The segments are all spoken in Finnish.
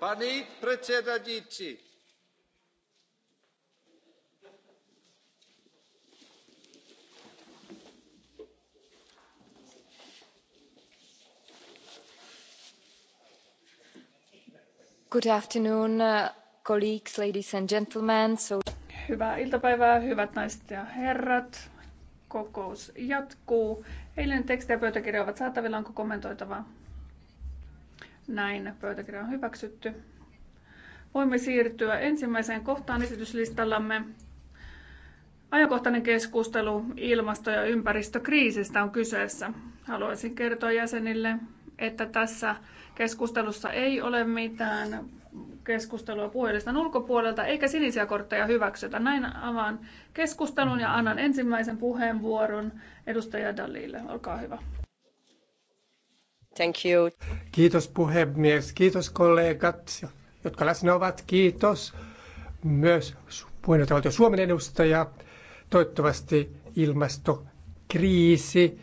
Good afternoon, uh, colleagues, ladies and gentlemen. So... Hyvää iltapäivää, hyvät naiset ja herrat. Kokous jatkuu. Eilen teksti ja pöytäkirja ovat saatavilla. Onko kommentoitavaa? Näin pöytäkirja on hyväksytty. Voimme siirtyä ensimmäiseen kohtaan esityslistallamme. Ajankohtainen keskustelu ilmasto- ja ympäristökriisistä on kyseessä. Haluaisin kertoa jäsenille, että tässä keskustelussa ei ole mitään keskustelua puhelistan ulkopuolelta eikä sinisiä kortteja hyväksytä. Näin avaan keskustelun ja annan ensimmäisen puheenvuoron edustaja Dalille. Olkaa hyvä. Thank you. Kiitos puhemies, kiitos kollegat, jotka läsnä ovat. Kiitos myös puheenjohtajavaltio Suomen edustaja. Toivottavasti ilmastokriisi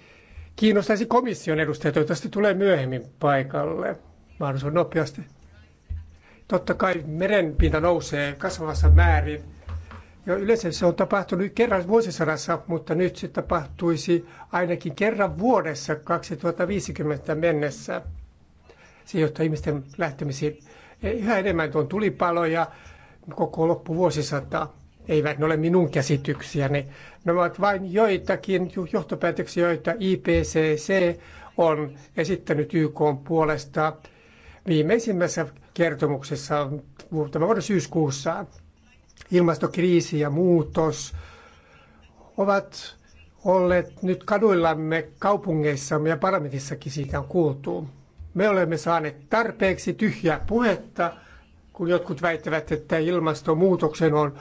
kiinnostaisi komission edustaja. Toivottavasti tulee myöhemmin paikalle mahdollisimman nopeasti. Totta kai merenpinta nousee kasvavassa määrin ja yleensä se on tapahtunut kerran vuosisadassa, mutta nyt se tapahtuisi ainakin kerran vuodessa 2050 mennessä. Se johtaa ihmisten lähtemisiin e, yhä enemmän tuon tulipaloja koko loppuvuosisata. Eivät ne ole minun käsityksiäni. Ne ovat vain joitakin johtopäätöksiä, joita IPCC on esittänyt YK puolesta viimeisimmässä kertomuksessa tämän vuoden syyskuussa ilmastokriisi ja muutos ovat olleet nyt kaduillamme, kaupungeissamme ja parlamentissakin siitä on kuultu. Me olemme saaneet tarpeeksi tyhjää puhetta, kun jotkut väittävät, että ilmastonmuutoksen on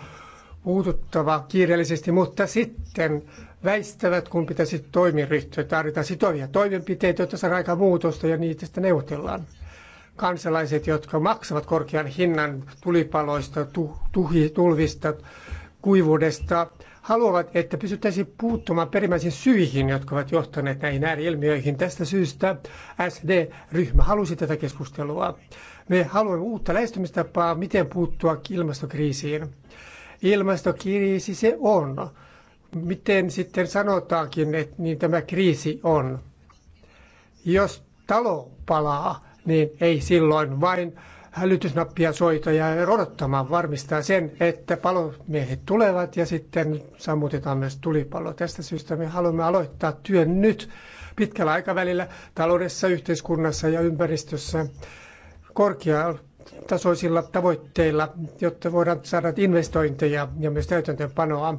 puututtava kiireellisesti, mutta sitten väistävät, kun pitäisi toimia ryhtyä. Tarvitaan sitovia toimenpiteitä, jotta saadaan aika muutosta ja niitä sitten neuvotellaan kansalaiset, jotka maksavat korkean hinnan tulipaloista, tuhi, tulvista, kuivuudesta, haluavat, että pystyttäisiin puuttumaan perimmäisiin syihin, jotka ovat johtaneet näihin ääriilmiöihin. Tästä syystä SD-ryhmä halusi tätä keskustelua. Me haluamme uutta lähestymistapaa, miten puuttua ilmastokriisiin. Ilmastokriisi se on. Miten sitten sanotaankin, että niin tämä kriisi on. Jos talo palaa, niin ei silloin vain hälytysnappia soita ja odottamaan varmistaa sen, että palomiehet tulevat ja sitten sammutetaan myös tulipallo. Tästä syystä me haluamme aloittaa työn nyt pitkällä aikavälillä taloudessa, yhteiskunnassa ja ympäristössä korkeatasoisilla tavoitteilla, jotta voidaan saada investointeja ja myös täytäntöönpanoa.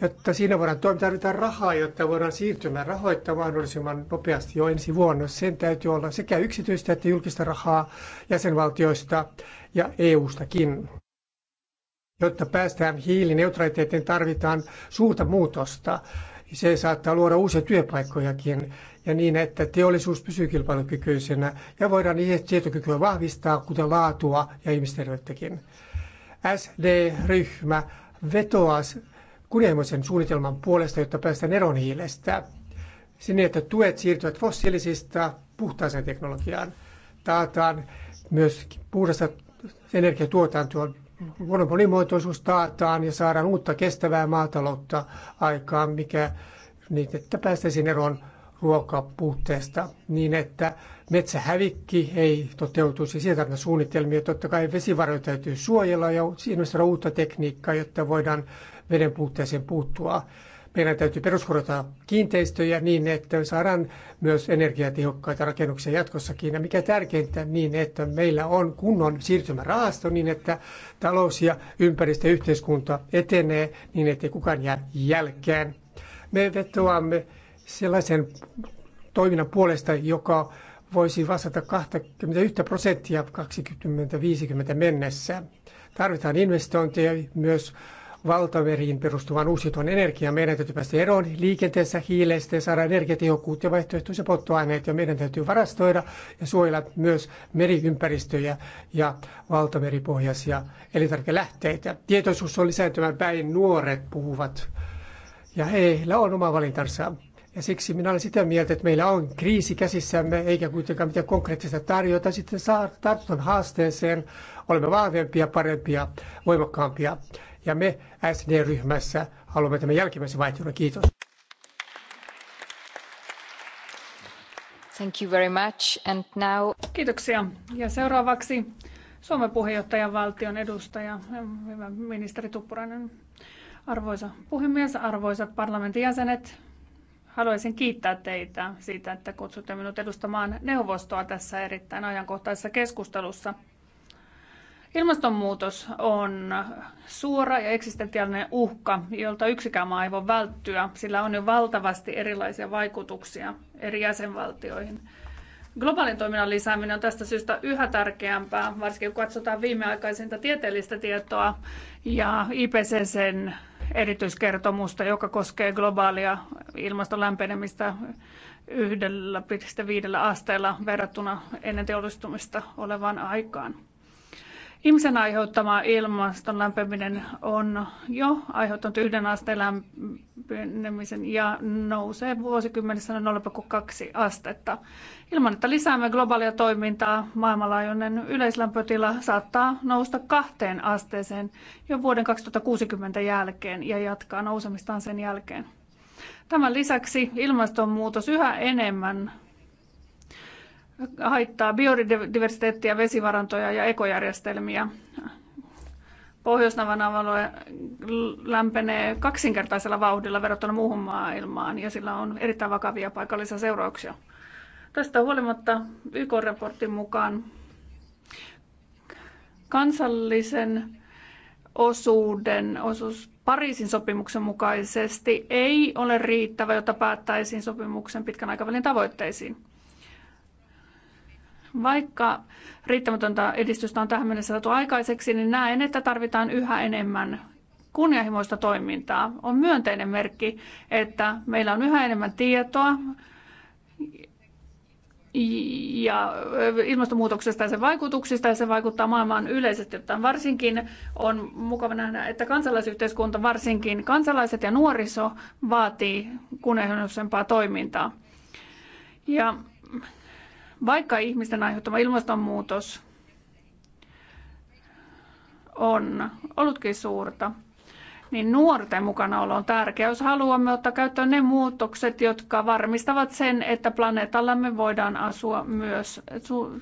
Jotta siinä voidaan toimia, tarvitaan rahaa, jotta voidaan siirtymään rahoittaa mahdollisimman nopeasti jo ensi vuonna. Sen täytyy olla sekä yksityistä että julkista rahaa jäsenvaltioista ja EU-stakin. Jotta päästään hiilineutraliteettiin, tarvitaan suurta muutosta. Se saattaa luoda uusia työpaikkojakin ja niin, että teollisuus pysyy kilpailukykyisenä ja voidaan tietokykyä vahvistaa, kuten laatua ja ihmisterveyttäkin. SD-ryhmä vetoaa kunnianhimoisen suunnitelman puolesta, jotta päästään eroon hiilestä. Sinne, että tuet siirtyvät fossiilisista puhtaaseen teknologiaan. Taataan myös puhdasta energiatuotantoa luonnon monimuotoisuus taataan ja saadaan uutta kestävää maataloutta aikaan, mikä niin, että päästäisiin eroon ruokapuutteesta niin, että metsähävikki ei toteutuisi. Sieltä on suunnitelmia. Totta kai vesivaroja täytyy suojella ja investoida uutta tekniikkaa, jotta voidaan veden puutteeseen puuttua. Meidän täytyy peruskorjata kiinteistöjä niin, että saadaan myös energiatehokkaita rakennuksia jatkossakin. Ja mikä tärkeintä, niin että meillä on kunnon siirtymärahasto niin, että talous ja ympäristö ja yhteiskunta etenee niin, ettei kukaan jää jälkeen. Me vetoamme sellaisen toiminnan puolesta, joka voisi vastata 21 prosenttia 2050 mennessä. Tarvitaan investointeja myös valtaveriin perustuvan uusiutuvan energian Meidän täytyy päästä eroon liikenteessä hiilestä ja saada energiatehokkuutta ja vaihtoehtoisia polttoaineita. Ja meidän täytyy varastoida ja suojella myös meriympäristöjä ja valtameripohjaisia elintarvikelähteitä. Tietoisuus on lisääntymään päin. Nuoret puhuvat ja heillä on oma valintansa. Ja siksi minä olen sitä mieltä, että meillä on kriisi käsissämme, eikä kuitenkaan mitään konkreettista tarjota. Sitten saa tartun haasteeseen, olemme vahvempia, parempia, voimakkaampia. Ja me SD-ryhmässä haluamme tämän jälkimmäisen vaihtoehdon. Kiitos. Thank you very much. And now... Kiitoksia. Ja seuraavaksi Suomen puheenjohtajan valtion edustaja, hyvä ministeri Tuppurainen. Arvoisa puhemies, arvoisat parlamentin jäsenet, haluaisin kiittää teitä siitä, että kutsutte minut edustamaan neuvostoa tässä erittäin ajankohtaisessa keskustelussa – Ilmastonmuutos on suora ja eksistentiaalinen uhka, jolta yksikään maa ei voi välttyä. Sillä on jo valtavasti erilaisia vaikutuksia eri jäsenvaltioihin. Globaalin toiminnan lisääminen on tästä syystä yhä tärkeämpää, varsinkin kun katsotaan viimeaikaisinta tieteellistä tietoa ja IPCCn erityiskertomusta, joka koskee globaalia ilmaston lämpenemistä 1,5 asteella verrattuna ennen teollistumista olevaan aikaan. Ihmisen aiheuttama ilmaston lämpeneminen on jo aiheuttanut yhden asteen lämpenemisen ja nousee vuosikymmenessä 0,2 astetta. Ilman, että lisäämme globaalia toimintaa, maailmanlaajuinen yleislämpötila saattaa nousta kahteen asteeseen jo vuoden 2060 jälkeen ja jatkaa nousemistaan sen jälkeen. Tämän lisäksi ilmastonmuutos yhä enemmän haittaa biodiversiteettiä, vesivarantoja ja ekojärjestelmiä. pohjois alue lämpenee kaksinkertaisella vauhdilla verrattuna muuhun maailmaan ja sillä on erittäin vakavia paikallisia seurauksia. Tästä huolimatta YK-raportin mukaan kansallisen osuuden osuus Pariisin sopimuksen mukaisesti ei ole riittävä, jotta päättäisiin sopimuksen pitkän aikavälin tavoitteisiin. Vaikka riittämätöntä edistystä on tähän mennessä saatu aikaiseksi, niin näen, että tarvitaan yhä enemmän kunnianhimoista toimintaa. On myönteinen merkki, että meillä on yhä enemmän tietoa ja ilmastonmuutoksesta ja sen vaikutuksista, ja se vaikuttaa maailmaan yleisesti. Varsinkin on mukava nähdä, että kansalaisyhteiskunta, varsinkin kansalaiset ja nuoriso, vaatii kunnianhimoisempaa toimintaa. Ja vaikka ihmisten aiheuttama ilmastonmuutos on ollutkin suurta, niin nuorten mukanaolo on tärkeä. jos haluamme ottaa käyttöön ne muutokset, jotka varmistavat sen, että planeetallamme voidaan asua myös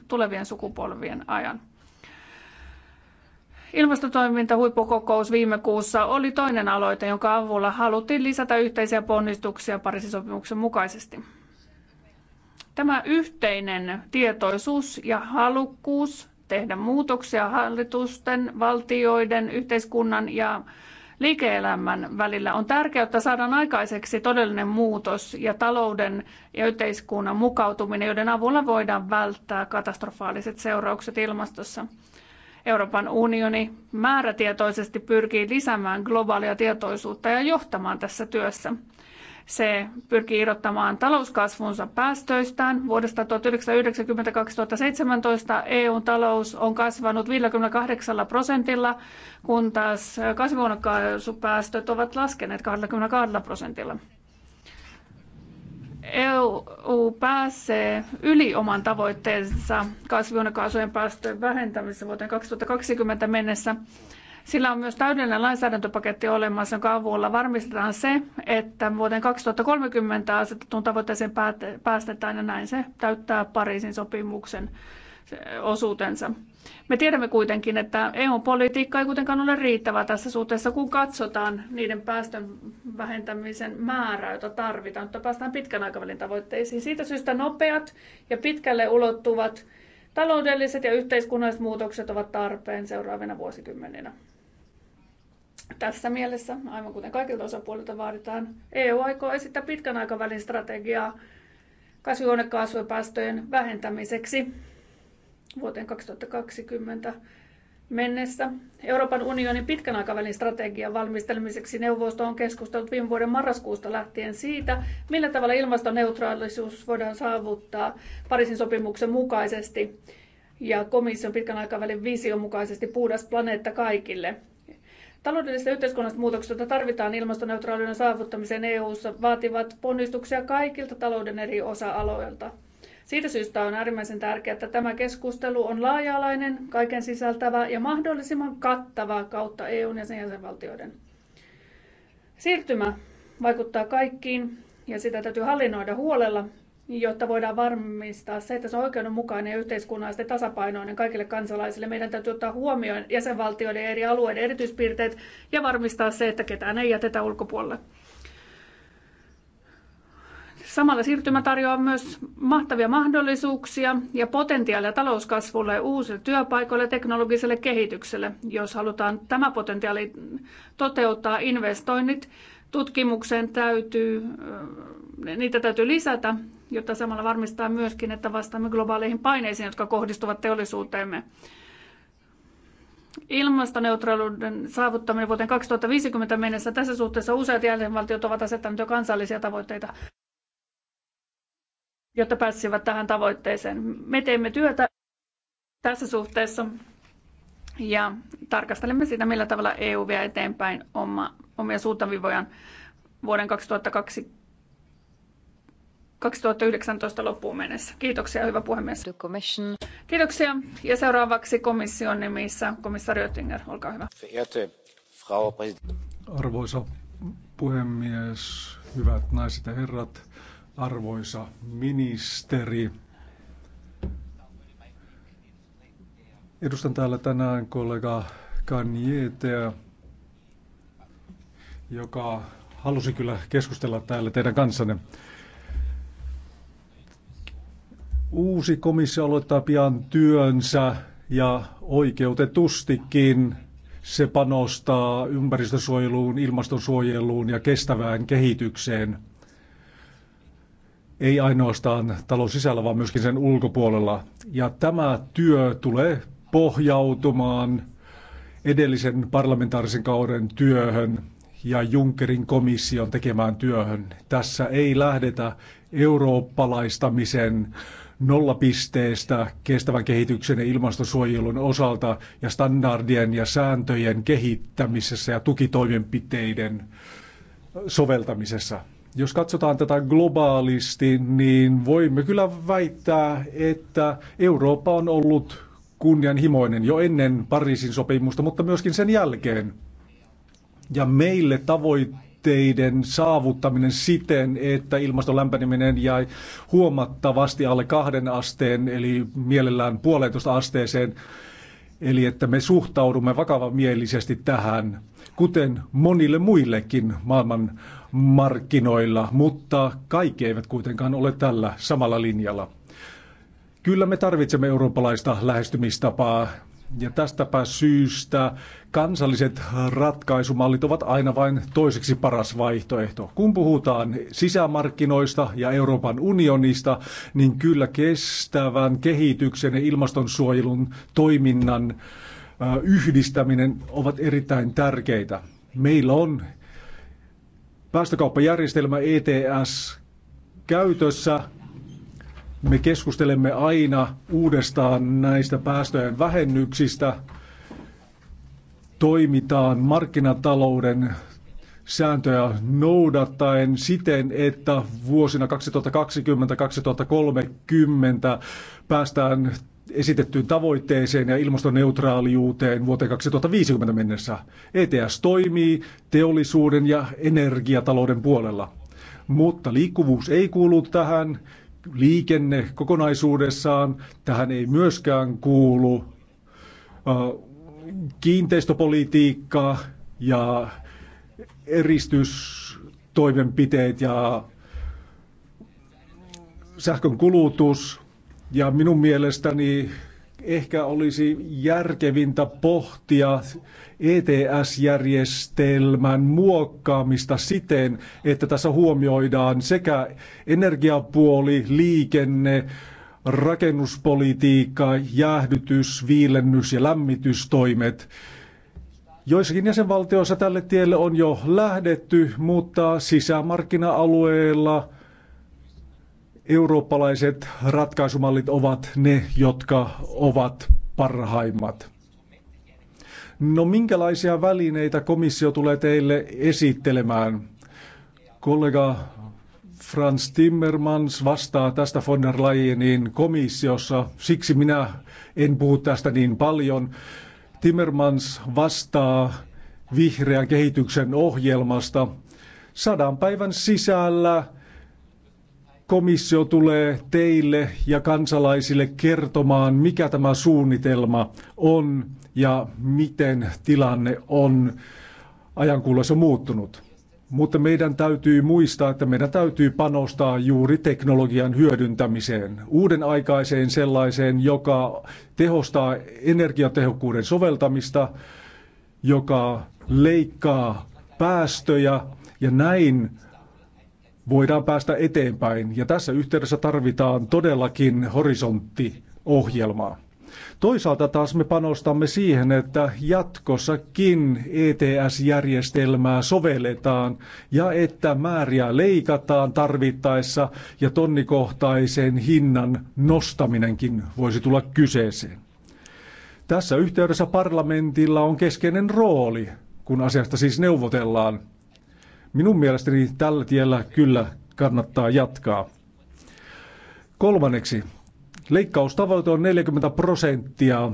tulevien sukupolvien ajan. huippukokous viime kuussa oli toinen aloite, jonka avulla haluttiin lisätä yhteisiä ponnistuksia Pariisin sopimuksen mukaisesti. Tämä yhteinen tietoisuus ja halukkuus tehdä muutoksia hallitusten, valtioiden, yhteiskunnan ja liike-elämän välillä on tärkeää, että saadaan aikaiseksi todellinen muutos ja talouden ja yhteiskunnan mukautuminen, joiden avulla voidaan välttää katastrofaaliset seuraukset ilmastossa. Euroopan unioni määrätietoisesti pyrkii lisäämään globaalia tietoisuutta ja johtamaan tässä työssä. Se pyrkii irrottamaan talouskasvunsa päästöistään. Vuodesta 1990-2017 EUn talous on kasvanut 58 prosentilla, kun taas kasvihuonekaasupäästöt ovat laskeneet 22 prosentilla. EU pääsee yli oman tavoitteensa kasvihuonekaasujen päästöjen vähentämisessä vuoteen 2020 mennessä sillä on myös täydellinen lainsäädäntöpaketti olemassa, jonka avulla varmistetaan se, että vuoteen 2030 asetettuun tavoitteeseen päästetään ja näin se täyttää Pariisin sopimuksen osuutensa. Me tiedämme kuitenkin, että EU-politiikka ei kuitenkaan ole riittävää tässä suhteessa, kun katsotaan niiden päästön vähentämisen määrää, jota tarvitaan, jotta päästään pitkän aikavälin tavoitteisiin. Siitä syystä nopeat ja pitkälle ulottuvat taloudelliset ja yhteiskunnalliset muutokset ovat tarpeen seuraavina vuosikymmeninä. Tässä mielessä, aivan kuten kaikilta osapuolilta vaaditaan, EU aikoo esittää pitkän aikavälin strategiaa kasvihuonekaasujen päästöjen vähentämiseksi vuoteen 2020 mennessä. Euroopan unionin pitkän aikavälin strategian valmistelemiseksi neuvosto on keskustellut viime vuoden marraskuusta lähtien siitä, millä tavalla ilmastoneutraalisuus voidaan saavuttaa Pariisin sopimuksen mukaisesti ja komission pitkän aikavälin vision mukaisesti puhdas planeetta kaikille – Taloudelliset ja yhteiskunnalliset muutokset, joita tarvitaan ilmastoneutraaliuden saavuttamiseen EU:ssa, vaativat ponnistuksia kaikilta talouden eri osa-aloilta. Siitä syystä on äärimmäisen tärkeää, että tämä keskustelu on laaja-alainen, kaiken sisältävä ja mahdollisimman kattava kautta EUn ja sen jäsenvaltioiden. Siirtymä vaikuttaa kaikkiin ja sitä täytyy hallinnoida huolella, jotta voidaan varmistaa se, että se on oikeudenmukainen ja yhteiskunnallisesti tasapainoinen kaikille kansalaisille. Meidän täytyy ottaa huomioon jäsenvaltioiden ja eri alueiden erityispiirteet ja varmistaa se, että ketään ei jätetä ulkopuolelle. Samalla siirtymä tarjoaa myös mahtavia mahdollisuuksia ja potentiaalia talouskasvulle, uusille työpaikoille ja teknologiselle kehitykselle. Jos halutaan tämä potentiaali toteuttaa, investoinnit tutkimukseen täytyy, niitä täytyy lisätä jotta samalla varmistaa myöskin, että vastaamme globaaleihin paineisiin, jotka kohdistuvat teollisuuteemme. Ilmastoneutraaliuden saavuttaminen vuoteen 2050 mennessä tässä suhteessa useat jäsenvaltiot ovat asettaneet jo kansallisia tavoitteita, jotta pääsisivät tähän tavoitteeseen. Me teemme työtä tässä suhteessa ja tarkastelemme sitä, millä tavalla EU vie eteenpäin oma, omia suuntavivojaan vuoden 2020 2019 loppuun mennessä. Kiitoksia, hyvä puhemies. Kiitoksia. Ja seuraavaksi komission nimissä komissaari Oettinger, olkaa hyvä. Arvoisa puhemies, hyvät naiset ja herrat, arvoisa ministeri. Edustan täällä tänään kollega Kanjeteä, joka halusi kyllä keskustella täällä teidän kanssanne. Uusi komissio aloittaa pian työnsä ja oikeutetustikin se panostaa ympäristösuojeluun, ilmastonsuojeluun ja kestävään kehitykseen. Ei ainoastaan talon sisällä, vaan myöskin sen ulkopuolella. Ja tämä työ tulee pohjautumaan edellisen parlamentaarisen kauden työhön ja Junckerin komission tekemään työhön. Tässä ei lähdetä eurooppalaistamisen nollapisteestä kestävän kehityksen ja ilmastosuojelun osalta ja standardien ja sääntöjen kehittämisessä ja tukitoimenpiteiden soveltamisessa. Jos katsotaan tätä globaalisti, niin voimme kyllä väittää, että Eurooppa on ollut kunnianhimoinen jo ennen Pariisin sopimusta, mutta myöskin sen jälkeen. Ja meille tavoitteet tavoitteiden saavuttaminen siten, että ilmaston lämpeneminen jäi huomattavasti alle kahden asteen, eli mielellään puolentoista asteeseen, eli että me suhtaudumme vakavamielisesti tähän, kuten monille muillekin maailman markkinoilla, mutta kaikki eivät kuitenkaan ole tällä samalla linjalla. Kyllä me tarvitsemme eurooppalaista lähestymistapaa ja tästäpä syystä kansalliset ratkaisumallit ovat aina vain toiseksi paras vaihtoehto. Kun puhutaan sisämarkkinoista ja Euroopan unionista, niin kyllä kestävän kehityksen ja ilmastonsuojelun toiminnan yhdistäminen ovat erittäin tärkeitä. Meillä on päästökauppajärjestelmä ETS käytössä me keskustelemme aina uudestaan näistä päästöjen vähennyksistä. Toimitaan markkinatalouden sääntöjä noudattaen siten, että vuosina 2020-2030 päästään esitettyyn tavoitteeseen ja ilmastoneutraaliuuteen vuoteen 2050 mennessä. ETS toimii teollisuuden ja energiatalouden puolella. Mutta liikkuvuus ei kuulu tähän liikenne kokonaisuudessaan, tähän ei myöskään kuulu kiinteistöpolitiikka ja eristystoimenpiteet ja sähkön kulutus. Ja minun mielestäni ehkä olisi järkevintä pohtia ETS-järjestelmän muokkaamista siten, että tässä huomioidaan sekä energiapuoli, liikenne, rakennuspolitiikka, jäähdytys, viilennys ja lämmitystoimet. Joissakin jäsenvaltioissa tälle tielle on jo lähdetty, mutta sisämarkkina-alueella – Eurooppalaiset ratkaisumallit ovat ne, jotka ovat parhaimmat. No minkälaisia välineitä komissio tulee teille esittelemään? Kollega Franz Timmermans vastaa tästä von der Leyenin komissiossa, siksi minä en puhu tästä niin paljon. Timmermans vastaa vihreän kehityksen ohjelmasta. Sadan päivän sisällä komissio tulee teille ja kansalaisille kertomaan, mikä tämä suunnitelma on ja miten tilanne on ajankuulossa muuttunut. Mutta meidän täytyy muistaa, että meidän täytyy panostaa juuri teknologian hyödyntämiseen, uuden aikaiseen sellaiseen, joka tehostaa energiatehokkuuden soveltamista, joka leikkaa päästöjä ja näin voidaan päästä eteenpäin. Ja tässä yhteydessä tarvitaan todellakin horisonttiohjelmaa. Toisaalta taas me panostamme siihen, että jatkossakin ETS-järjestelmää sovelletaan ja että määriä leikataan tarvittaessa ja tonnikohtaisen hinnan nostaminenkin voisi tulla kyseeseen. Tässä yhteydessä parlamentilla on keskeinen rooli, kun asiasta siis neuvotellaan Minun mielestäni tällä tiellä kyllä kannattaa jatkaa. Kolmanneksi, leikkaustavoite on 40 prosenttia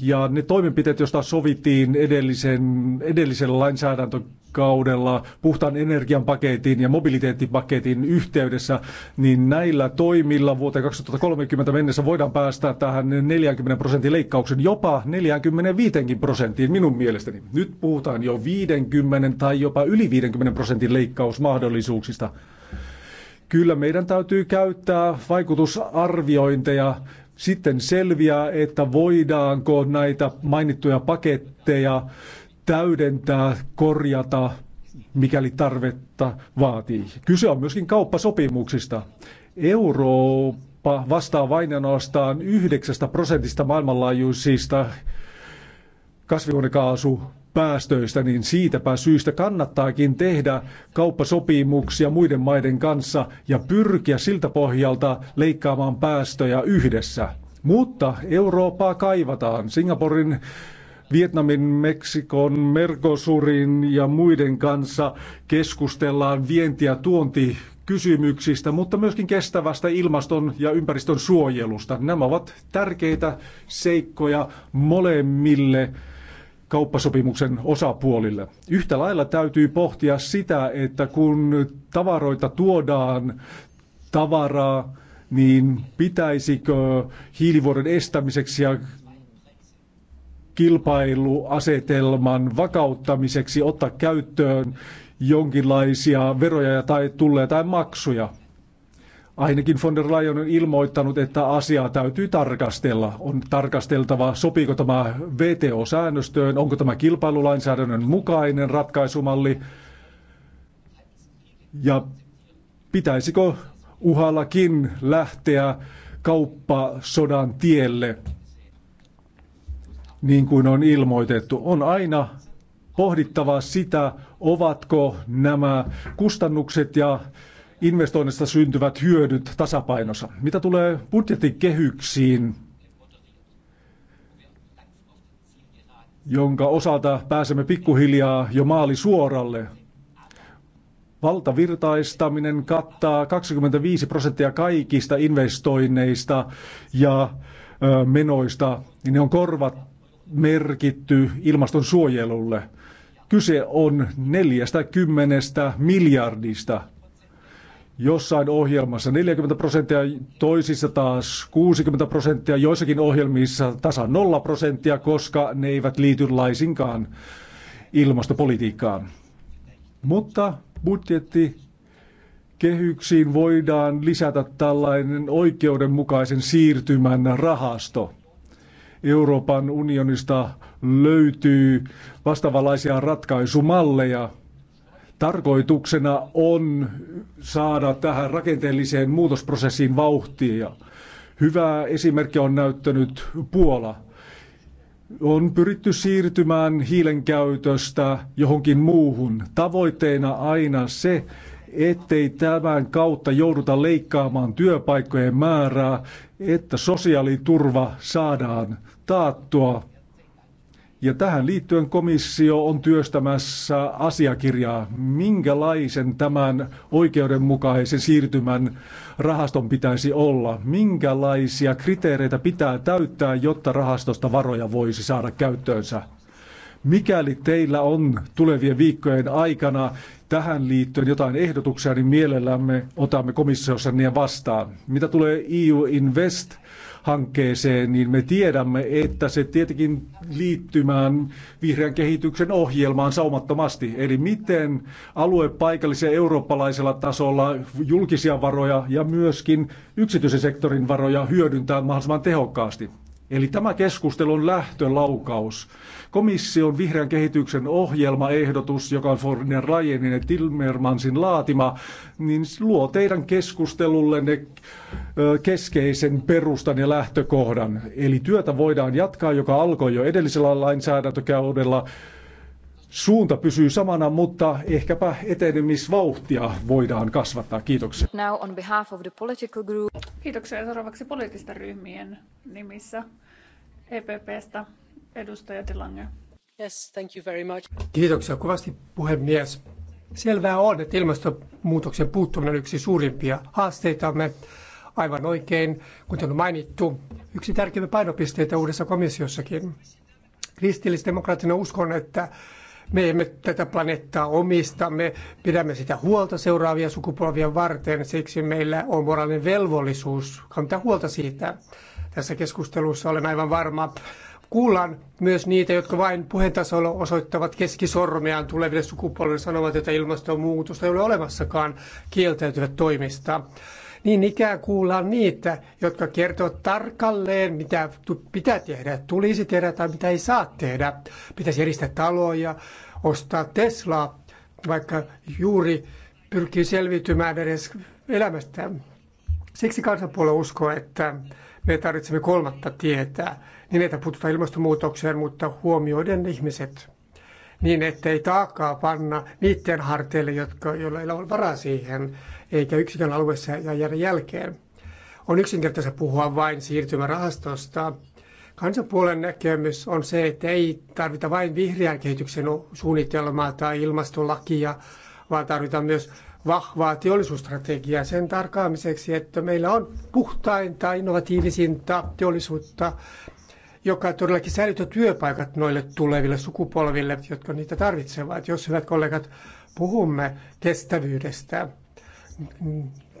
ja ne toimenpiteet, joista sovittiin edellisen, edellisellä lainsäädäntökaudella puhtaan energian paketin ja mobiliteettipaketin yhteydessä, niin näillä toimilla vuoteen 2030 mennessä voidaan päästä tähän 40 prosentin leikkauksen, jopa 45 prosenttiin minun mielestäni. Nyt puhutaan jo 50 tai jopa yli 50 prosentin leikkausmahdollisuuksista. Kyllä meidän täytyy käyttää vaikutusarviointeja sitten selviää, että voidaanko näitä mainittuja paketteja täydentää, korjata, mikäli tarvetta vaatii. Kyse on myöskin kauppasopimuksista. Eurooppa vastaa vain ainoastaan 9 prosentista maailmanlaajuisista kasvihuonekaasu päästöistä, niin siitäpä syystä kannattaakin tehdä kauppasopimuksia muiden maiden kanssa ja pyrkiä siltä pohjalta leikkaamaan päästöjä yhdessä. Mutta Eurooppaa kaivataan. Singaporin Vietnamin, Meksikon, Mercosurin ja muiden kanssa keskustellaan vienti- ja kysymyksistä, mutta myöskin kestävästä ilmaston ja ympäristön suojelusta. Nämä ovat tärkeitä seikkoja molemmille kauppasopimuksen osapuolille. Yhtä lailla täytyy pohtia sitä, että kun tavaroita tuodaan tavaraa, niin pitäisikö hiilivuoden estämiseksi ja kilpailuasetelman vakauttamiseksi ottaa käyttöön jonkinlaisia veroja tai tulee tai maksuja. Ainakin von der Leyen on ilmoittanut, että asiaa täytyy tarkastella. On tarkasteltava, sopiiko tämä VTO-säännöstöön, onko tämä kilpailulainsäädännön mukainen ratkaisumalli ja pitäisikö uhallakin lähteä kauppasodan tielle, niin kuin on ilmoitettu. On aina pohdittava sitä, ovatko nämä kustannukset ja investoinnista syntyvät hyödyt tasapainossa. Mitä tulee budjettikehyksiin, jonka osalta pääsemme pikkuhiljaa jo maali suoralle. Valtavirtaistaminen kattaa 25 prosenttia kaikista investoinneista ja menoista, niin ne on korvat merkitty ilmaston suojelulle. Kyse on 40 miljardista jossain ohjelmassa 40 prosenttia, toisissa taas 60 prosenttia, joissakin ohjelmissa tasan 0 prosenttia, koska ne eivät liity laisinkaan ilmastopolitiikkaan. Mutta budjetti kehyksiin voidaan lisätä tällainen oikeudenmukaisen siirtymän rahasto. Euroopan unionista löytyy vastaavanlaisia ratkaisumalleja – Tarkoituksena on saada tähän rakenteelliseen muutosprosessiin vauhtia. Hyvää esimerkkiä on näyttänyt Puola. On pyritty siirtymään hiilen käytöstä johonkin muuhun. Tavoitteena aina se, ettei tämän kautta jouduta leikkaamaan työpaikkojen määrää, että sosiaaliturva saadaan taattua ja tähän liittyen komissio on työstämässä asiakirjaa, minkälaisen tämän oikeudenmukaisen siirtymän rahaston pitäisi olla, minkälaisia kriteereitä pitää täyttää, jotta rahastosta varoja voisi saada käyttöönsä. Mikäli teillä on tulevien viikkojen aikana tähän liittyen jotain ehdotuksia, niin mielellämme otamme komissiossa niiden vastaan. Mitä tulee EU Invest hankkeeseen, niin me tiedämme, että se tietenkin liittymään vihreän kehityksen ohjelmaan saumattomasti. Eli miten alue paikallisella eurooppalaisella tasolla julkisia varoja ja myöskin yksityisen sektorin varoja hyödyntää mahdollisimman tehokkaasti. Eli tämä keskustelun lähtölaukaus. Komission vihreän kehityksen ohjelmaehdotus, joka on Fornian Rajenin ja Tilmermansin laatima, niin luo teidän ne keskeisen perustan ja lähtökohdan. Eli työtä voidaan jatkaa, joka alkoi jo edellisellä lainsäädäntökaudella Suunta pysyy samana, mutta ehkäpä etenemisvauhtia voidaan kasvattaa. Kiitoksia. Now on behalf of the political group. Kiitoksia seuraavaksi poliittisten ryhmien nimissä EPPstä edustaja Delange. Yes, thank you very much. Kiitoksia kovasti puhemies. Selvää on, että ilmastonmuutoksen puuttuminen on yksi suurimpia haasteitamme. Aivan oikein, kuten on mainittu, yksi tärkeimmä painopisteitä uudessa komissiossakin. Kristillisdemokraattina uskon, että me emme tätä planeettaa omista, me pidämme sitä huolta seuraavia sukupolvia varten, siksi meillä on moraalinen velvollisuus kantaa huolta siitä. Tässä keskustelussa olen aivan varma. Kuullaan myös niitä, jotka vain puheentasolla osoittavat keskisormeaan tuleville sukupolville, sanovat, että ilmastonmuutosta ei ole olemassakaan, kieltäytyvät toimista. Niin ikään kuullaan niitä, jotka kertovat tarkalleen, mitä pitää tehdä, tulisi tehdä tai mitä ei saa tehdä. Pitäisi edistää taloja, ostaa Teslaa, vaikka juuri pyrkii selviytymään edes elämästä. Siksi kansanpuolue uskoo, että me tarvitsemme kolmatta tietä, niin että puututaan ilmastonmuutokseen, mutta huomioiden ihmiset niin, ettei taakkaa panna niiden harteille, jotka, joilla ei ole varaa siihen eikä yksikään alue saa jäädä jälkeen. On yksinkertaista puhua vain siirtymärahastosta. Kansanpuolen näkemys on se, että ei tarvita vain vihreän kehityksen suunnitelmaa tai ilmastolakia, vaan tarvitaan myös vahvaa teollisuusstrategiaa sen tarkaamiseksi, että meillä on puhtainta, innovatiivisinta teollisuutta, joka todellakin säilyttää työpaikat noille tuleville sukupolville, jotka niitä tarvitsevat. Jos hyvät kollegat, puhumme kestävyydestä,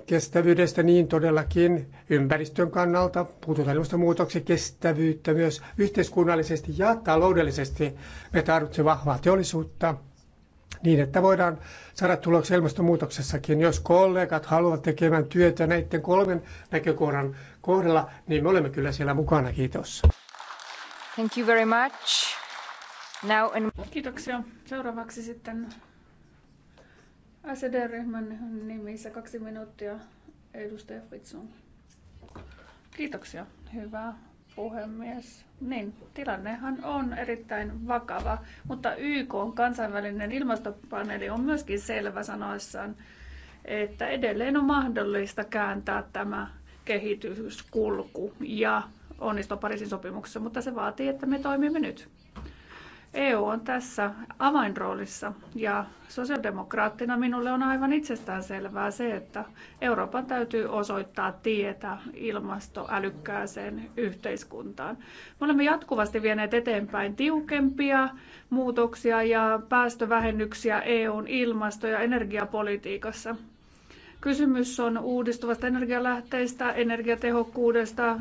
kestävyydestä niin todellakin ympäristön kannalta, puhutaan ilmastonmuutoksen kestävyyttä myös yhteiskunnallisesti ja taloudellisesti. Me tarvitsemme vahvaa teollisuutta niin, että voidaan saada tuloksia ilmastonmuutoksessakin. Jos kollegat haluavat tekemään työtä näiden kolmen näkökohdan kohdalla, niin me olemme kyllä siellä mukana. Kiitos. Thank you very much. Now in... Kiitoksia. Seuraavaksi sitten SD-ryhmän nimissä kaksi minuuttia edustaja Fritson. Kiitoksia. Hyvä puhemies. Niin, tilannehan on erittäin vakava, mutta YK on kansainvälinen ilmastopaneeli on myöskin selvä sanoissaan, että edelleen on mahdollista kääntää tämä kehityskulku ja onnistua Pariisin sopimuksessa, mutta se vaatii, että me toimimme nyt. EU on tässä avainroolissa ja sosiaalidemokraattina minulle on aivan itsestään selvää se, että Euroopan täytyy osoittaa tietä ilmastoälykkääseen yhteiskuntaan. Me olemme jatkuvasti vieneet eteenpäin tiukempia muutoksia ja päästövähennyksiä EUn ilmasto- ja energiapolitiikassa. Kysymys on uudistuvasta energialähteistä, energiatehokkuudesta,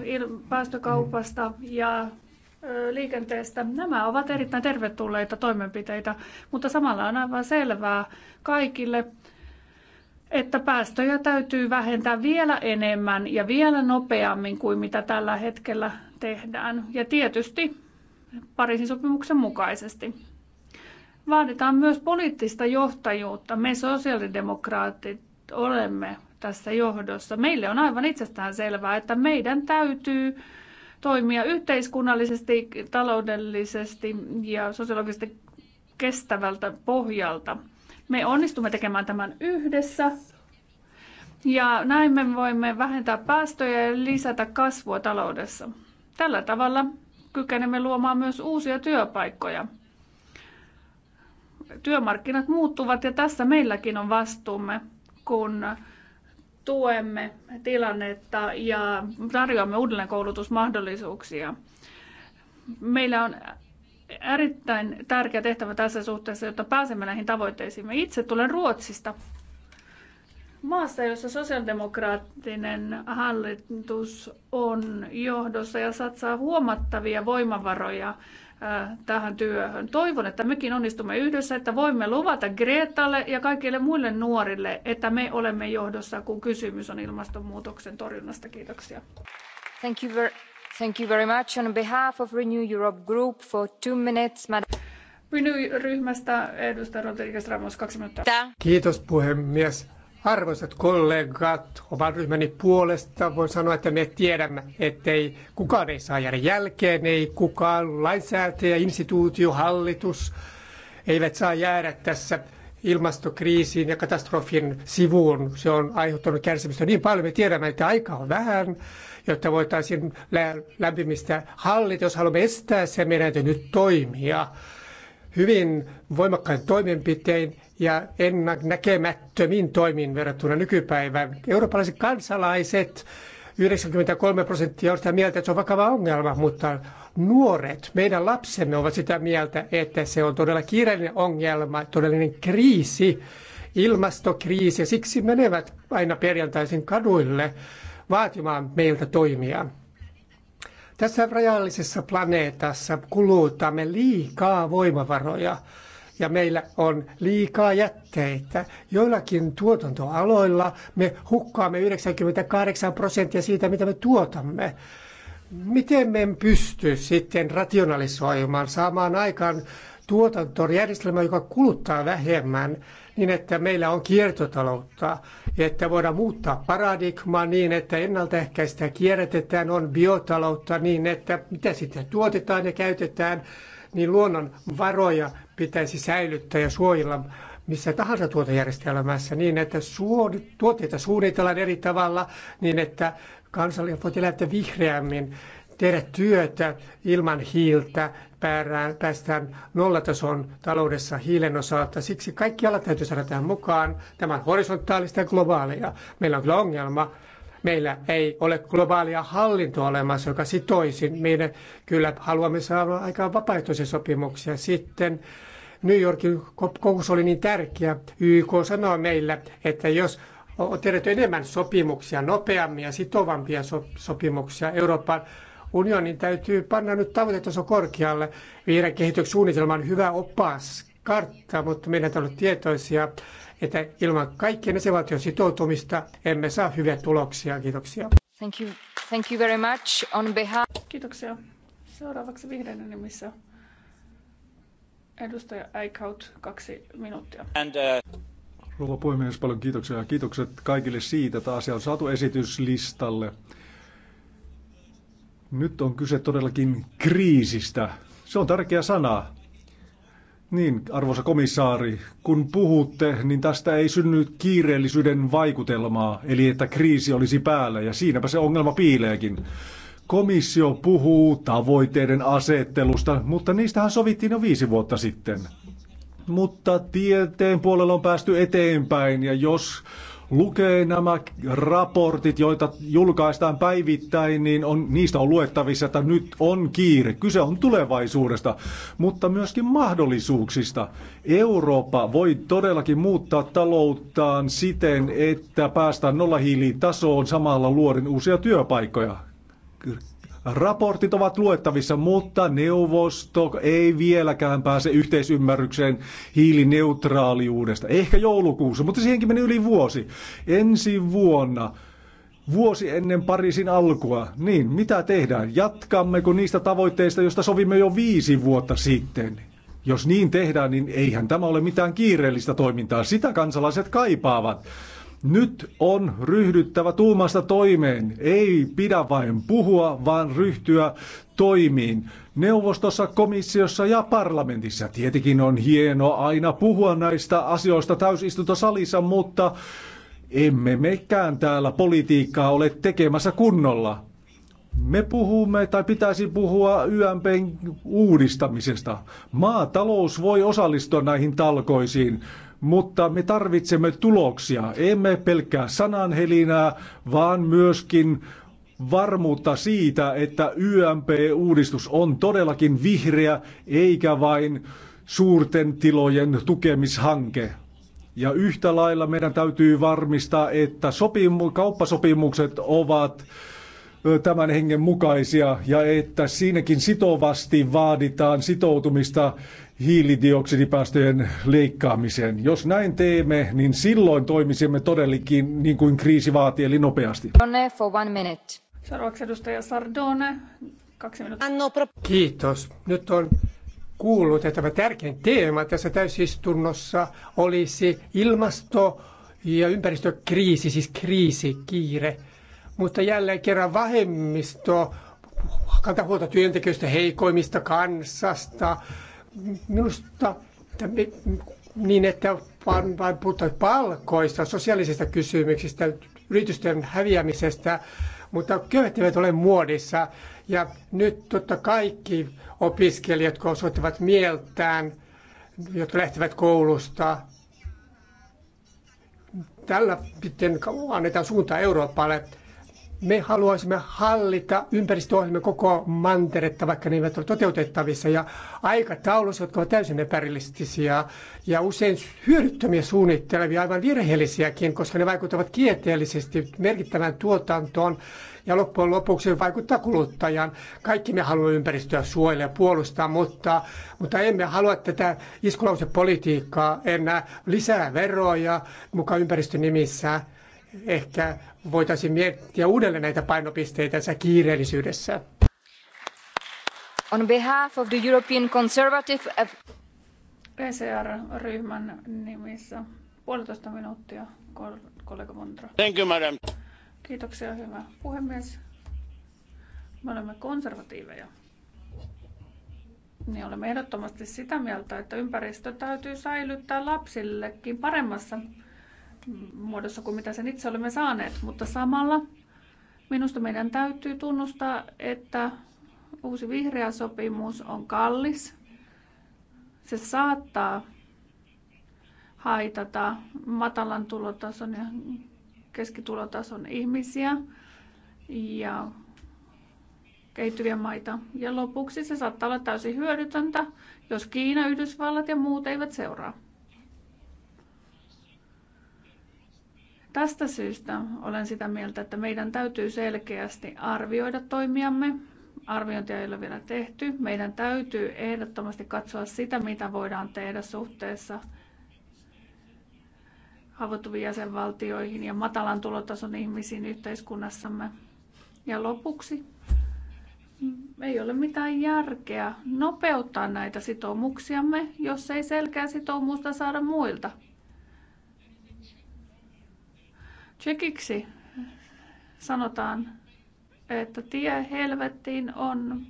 päästökaupasta ja liikenteestä. Nämä ovat erittäin tervetulleita toimenpiteitä, mutta samalla on aivan selvää kaikille, että päästöjä täytyy vähentää vielä enemmän ja vielä nopeammin kuin mitä tällä hetkellä tehdään. Ja tietysti Pariisin sopimuksen mukaisesti. Vaaditaan myös poliittista johtajuutta. Me sosiaalidemokraatit olemme tässä johdossa. Meille on aivan itsestään selvää, että meidän täytyy toimia yhteiskunnallisesti, taloudellisesti ja sosiologisesti kestävältä pohjalta. Me onnistumme tekemään tämän yhdessä ja näin me voimme vähentää päästöjä ja lisätä kasvua taloudessa. Tällä tavalla kykenemme luomaan myös uusia työpaikkoja. Työmarkkinat muuttuvat ja tässä meilläkin on vastuumme, kun tuemme tilannetta ja tarjoamme uudelleenkoulutusmahdollisuuksia. Meillä on erittäin tärkeä tehtävä tässä suhteessa, jotta pääsemme näihin tavoitteisiin. Me itse tulen Ruotsista, maassa, jossa sosiaalidemokraattinen hallitus on johdossa ja satsaa huomattavia voimavaroja tähän työhön. Toivon, että mekin onnistumme yhdessä, että voimme luvata Greetalle ja kaikille muille nuorille, että me olemme johdossa, kun kysymys on ilmastonmuutoksen torjunnasta. Kiitoksia. Thank you very, thank you very much. On behalf of Renew Europe Group for two minutes, madam. Renew-ryhmästä edustaja Rodriguez Ramos, kaksi minuuttia. Kiitos puhemies. Arvoisat kollegat, oman ryhmäni puolesta voi sanoa, että me tiedämme, ettei kukaan ei saa jäädä jälkeen, ei kukaan lainsäätäjä, instituutio, hallitus eivät saa jäädä tässä ilmastokriisiin ja katastrofin sivuun. Se on aiheuttanut kärsimystä niin paljon. Me tiedämme, että aika on vähän, jotta voitaisiin lämpimistä hallita. Jos haluamme estää sen, meidän täytyy nyt toimia. Hyvin voimakkain toimenpitein ja ennäkemättömin toimin verrattuna nykypäivään. Eurooppalaiset kansalaiset, 93 prosenttia on sitä mieltä, että se on vakava ongelma, mutta nuoret, meidän lapsemme ovat sitä mieltä, että se on todella kiireellinen ongelma, todellinen kriisi, ilmastokriisi ja siksi menevät aina perjantaisin kaduille vaatimaan meiltä toimia. Tässä rajallisessa planeetassa kulutamme liikaa voimavaroja ja meillä on liikaa jätteitä. Joillakin tuotantoaloilla me hukkaamme 98 prosenttia siitä, mitä me tuotamme. Miten me pysty sitten rationalisoimaan, saamaan aikaan tuotantojärjestelmä, joka kuluttaa vähemmän, niin että meillä on kiertotaloutta, että voidaan muuttaa paradigmaa niin, että ennaltaehkäistä kierrätetään, on biotaloutta niin, että mitä sitten tuotetaan ja käytetään – niin luonnon varoja pitäisi säilyttää ja suojella missä tahansa tuotejärjestelmässä niin, että tuotteita suunnitellaan eri tavalla niin, että kansalaiset voi lähteä vihreämmin, tehdä työtä ilman hiiltä, päärään, päästään nollatason taloudessa hiilen osalta. Siksi kaikki alat täytyy saada tähän mukaan. Tämä on horisontaalista ja globaalia. Meillä on kyllä ongelma, Meillä ei ole globaalia hallintoa olemassa, joka sitoisi. Meidän kyllä haluamme saada aikaan vapaaehtoisia sopimuksia. Sitten New Yorkin kokous oli niin tärkeä. YK sanoo meillä, että jos on tehty enemmän sopimuksia, nopeammin ja sitovampia so- sopimuksia Euroopan unionin täytyy panna nyt tavoitetaso korkealle. Viiden kehityksen suunnitelma on hyvä oppas kartta, mutta meidän täytyy olla tietoisia että ilman kaikkien jäsenvaltion sitoutumista emme saa hyviä tuloksia. Kiitoksia. Thank you. Thank you very much on behalf... Kiitoksia. Seuraavaksi vihreiden nimissä edustaja Eichhout, kaksi minuuttia. And, uh... Rouva puhemies, paljon kiitoksia ja kiitokset kaikille siitä, että asia on saatu esityslistalle. Nyt on kyse todellakin kriisistä. Se on tärkeä sana. Niin, arvoisa komissaari, kun puhutte, niin tästä ei synny kiireellisyyden vaikutelmaa, eli että kriisi olisi päällä, ja siinäpä se ongelma piileekin. Komissio puhuu tavoitteiden asettelusta, mutta niistähän sovittiin jo viisi vuotta sitten. Mutta tieteen puolella on päästy eteenpäin, ja jos lukee nämä raportit, joita julkaistaan päivittäin, niin on, niistä on luettavissa, että nyt on kiire. Kyse on tulevaisuudesta, mutta myöskin mahdollisuuksista. Eurooppa voi todellakin muuttaa talouttaan siten, että päästään nollahiilitasoon samalla luoden uusia työpaikkoja. Raportit ovat luettavissa, mutta neuvosto ei vieläkään pääse yhteisymmärrykseen hiilineutraaliudesta. Ehkä joulukuussa, mutta siihenkin meni yli vuosi. Ensi vuonna Vuosi ennen Pariisin alkua. Niin, mitä tehdään? Jatkammeko niistä tavoitteista, joista sovimme jo viisi vuotta sitten? Jos niin tehdään, niin eihän tämä ole mitään kiireellistä toimintaa. Sitä kansalaiset kaipaavat. Nyt on ryhdyttävä tuumasta toimeen. Ei pidä vain puhua, vaan ryhtyä toimiin. Neuvostossa, komissiossa ja parlamentissa. Tietenkin on hieno aina puhua näistä asioista täysistuntosalissa, mutta emme mekään täällä politiikkaa ole tekemässä kunnolla. Me puhumme tai pitäisi puhua YMPn uudistamisesta. Maatalous voi osallistua näihin talkoisiin, mutta me tarvitsemme tuloksia. Emme pelkkää sananhelinää, vaan myöskin varmuutta siitä, että YMP-uudistus on todellakin vihreä eikä vain suurten tilojen tukemishanke. Ja yhtä lailla meidän täytyy varmistaa, että sopimu- kauppasopimukset ovat tämän hengen mukaisia ja että siinäkin sitovasti vaaditaan sitoutumista hiilidioksidipäästöjen leikkaamiseen. Jos näin teemme, niin silloin toimisimme todellakin niin kuin kriisi vaatii, eli nopeasti. For one minute. Seuraavaksi edustaja Sardone, kaksi minuuttia. Kiitos. Nyt on kuullut, että tämä tärkein teema tässä täysistunnossa olisi ilmasto- ja ympäristökriisi, siis kriisi, kiire. Mutta jälleen kerran vähemmistö kantaa huolta työntekijöistä, heikoimmista kansasta, minusta niin, että vaan, vaan puhutaan palkoista, sosiaalisista kysymyksistä, yritysten häviämisestä, mutta köyhät eivät ole muodissa. Ja nyt totta kaikki opiskelijat, jotka osoittavat mieltään, jotka lähtevät koulusta, tällä sitten annetaan suunta Euroopalle me haluaisimme hallita ympäristöohjelmia koko manteretta, vaikka ne eivät ole toteutettavissa, ja aikataulussa, jotka ovat täysin epärealistisia ja usein hyödyttömiä suunnittelevia, aivan virheellisiäkin, koska ne vaikuttavat kielteellisesti merkittävään tuotantoon ja loppujen lopuksi vaikuttaa kuluttajan. Kaikki me haluamme ympäristöä suojella ja puolustaa, mutta, mutta emme halua tätä iskulausepolitiikkaa enää lisää veroja mukaan ympäristön nimissä ehkä voitaisiin miettiä uudelleen näitä painopisteitä tässä kiireellisyydessä. On behalf of the European Conservative... ECR-ryhmän nimissä puolitoista minuuttia, kollega Montra. Thank you, madam. Kiitoksia, hyvä puhemies. Me olemme konservatiiveja. Niin olemme ehdottomasti sitä mieltä, että ympäristö täytyy säilyttää lapsillekin paremmassa muodossa kuin mitä sen itse olemme saaneet, mutta samalla minusta meidän täytyy tunnustaa, että uusi vihreä sopimus on kallis. Se saattaa haitata matalan tulotason ja keskitulotason ihmisiä ja kehittyviä maita. Ja lopuksi se saattaa olla täysin hyödytöntä, jos Kiina, Yhdysvallat ja muut eivät seuraa. Tästä syystä olen sitä mieltä, että meidän täytyy selkeästi arvioida toimiamme. Arviointia ei ole vielä tehty. Meidän täytyy ehdottomasti katsoa sitä, mitä voidaan tehdä suhteessa haavoittuviin jäsenvaltioihin ja matalan tulotason ihmisiin yhteiskunnassamme. Ja lopuksi ei ole mitään järkeä nopeuttaa näitä sitoumuksiamme, jos ei selkeää sitoumusta saada muilta. Tsekiksi sanotaan, että tie helvettiin on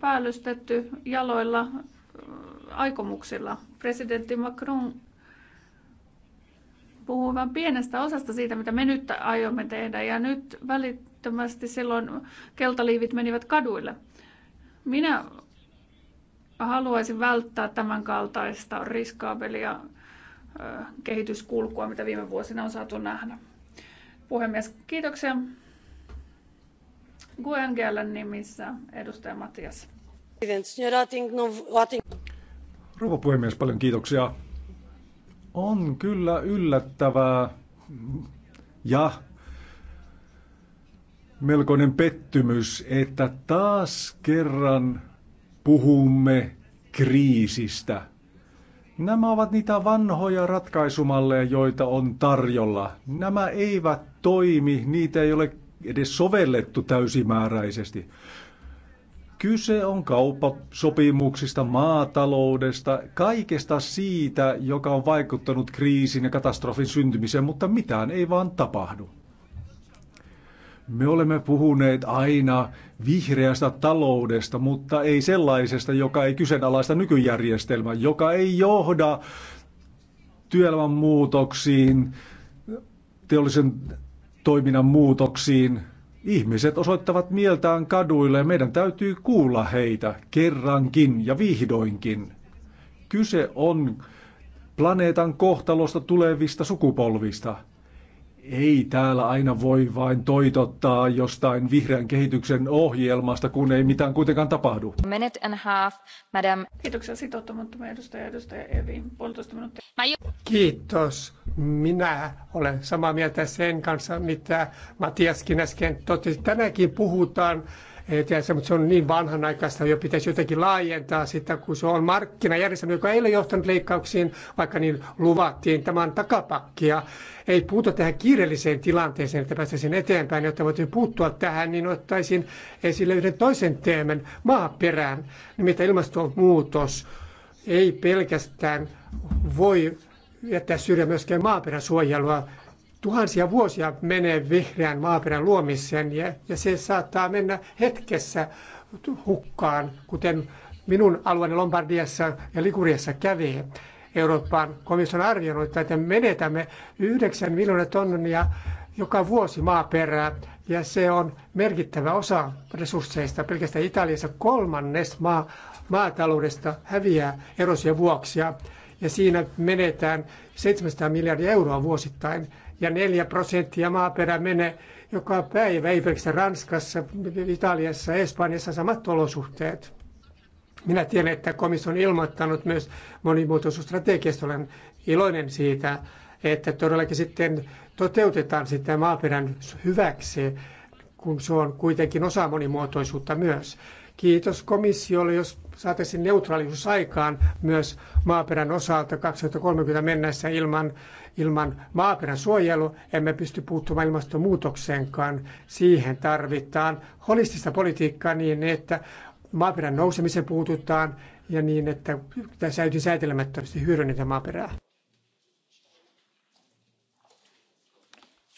päällystetty jaloilla aikomuksilla. Presidentti Macron puhuu vain pienestä osasta siitä, mitä me nyt aiomme tehdä. Ja nyt välittömästi silloin keltaliivit menivät kaduille. Minä haluaisin välttää tämän kaltaista riskaabelia kehityskulkua, mitä viime vuosina on saatu nähdä. Puhemies, kiitoksia. Guengelen nimissä edustaja Matias. Rouva puhemies, paljon kiitoksia. On kyllä yllättävää ja melkoinen pettymys, että taas kerran puhumme kriisistä. Nämä ovat niitä vanhoja ratkaisumalleja, joita on tarjolla. Nämä eivät toimi, niitä ei ole edes sovellettu täysimääräisesti. Kyse on kauppasopimuksista, maataloudesta, kaikesta siitä, joka on vaikuttanut kriisin ja katastrofin syntymiseen, mutta mitään ei vaan tapahdu. Me olemme puhuneet aina vihreästä taloudesta, mutta ei sellaisesta, joka ei kyseenalaista nykyjärjestelmää, joka ei johda työelämän muutoksiin, teollisen toiminnan muutoksiin. Ihmiset osoittavat mieltään kaduille ja meidän täytyy kuulla heitä kerrankin ja vihdoinkin. Kyse on planeetan kohtalosta tulevista sukupolvista – ei täällä aina voi vain toitottaa jostain vihreän kehityksen ohjelmasta, kun ei mitään kuitenkaan tapahdu. Minute and half, madam. Kiitoksia sitoutumattomia edustaja, edustaja Evi. Puolitoista minuuttia. Kiitos. Minä olen samaa mieltä sen kanssa, mitä Matiaskin äsken totesi. Tänäänkin puhutaan ETS, mutta se on niin vanhanaikaista jo pitäisi jotenkin laajentaa sitä, kun se on markkinajärjestelmä, joka ei ole johtanut leikkauksiin, vaikka niin luvattiin. tämän takapakkia. Ei puuta tähän kiireelliseen tilanteeseen, että päästäisiin eteenpäin, jotta voitaisiin puuttua tähän, niin ottaisin esille yhden toisen teeman maaperään, mitä ilmastonmuutos. Ei pelkästään voi jättää syrjään myöskään maaperän suojelua tuhansia vuosia menee vihreän maaperän luomiseen ja, ja se saattaa mennä hetkessä hukkaan, kuten minun alueeni Lombardiassa ja Liguriassa kävi. Euroopan komission arvioinut, että menetämme 9 miljoonaa tonnia joka vuosi maaperää, ja se on merkittävä osa resursseista. Pelkästään Italiassa kolmannes maa, maataloudesta häviää erosia vuoksi, ja siinä menetään 700 miljardia euroa vuosittain ja 4 prosenttia maaperä menee joka päivä, ei pelkästään Ranskassa, Italiassa, Espanjassa samat olosuhteet. Minä tiedän, että komissio on ilmoittanut myös monimuotoisuusstrategiasta. Olen iloinen siitä, että todellakin sitten toteutetaan sitä maaperän hyväksi, kun se on kuitenkin osa monimuotoisuutta myös. Kiitos komissiolle, jos saataisiin neutraalisuus aikaan myös maaperän osalta 2030 mennessä ilman, ilman maaperän suojelu. Emme pysty puuttumaan ilmastonmuutokseenkaan. Siihen tarvitaan holistista politiikkaa niin, että maaperän nousemisen puututaan ja niin, että tässä täytyy säätelemättömästi hyödynnetä maaperää.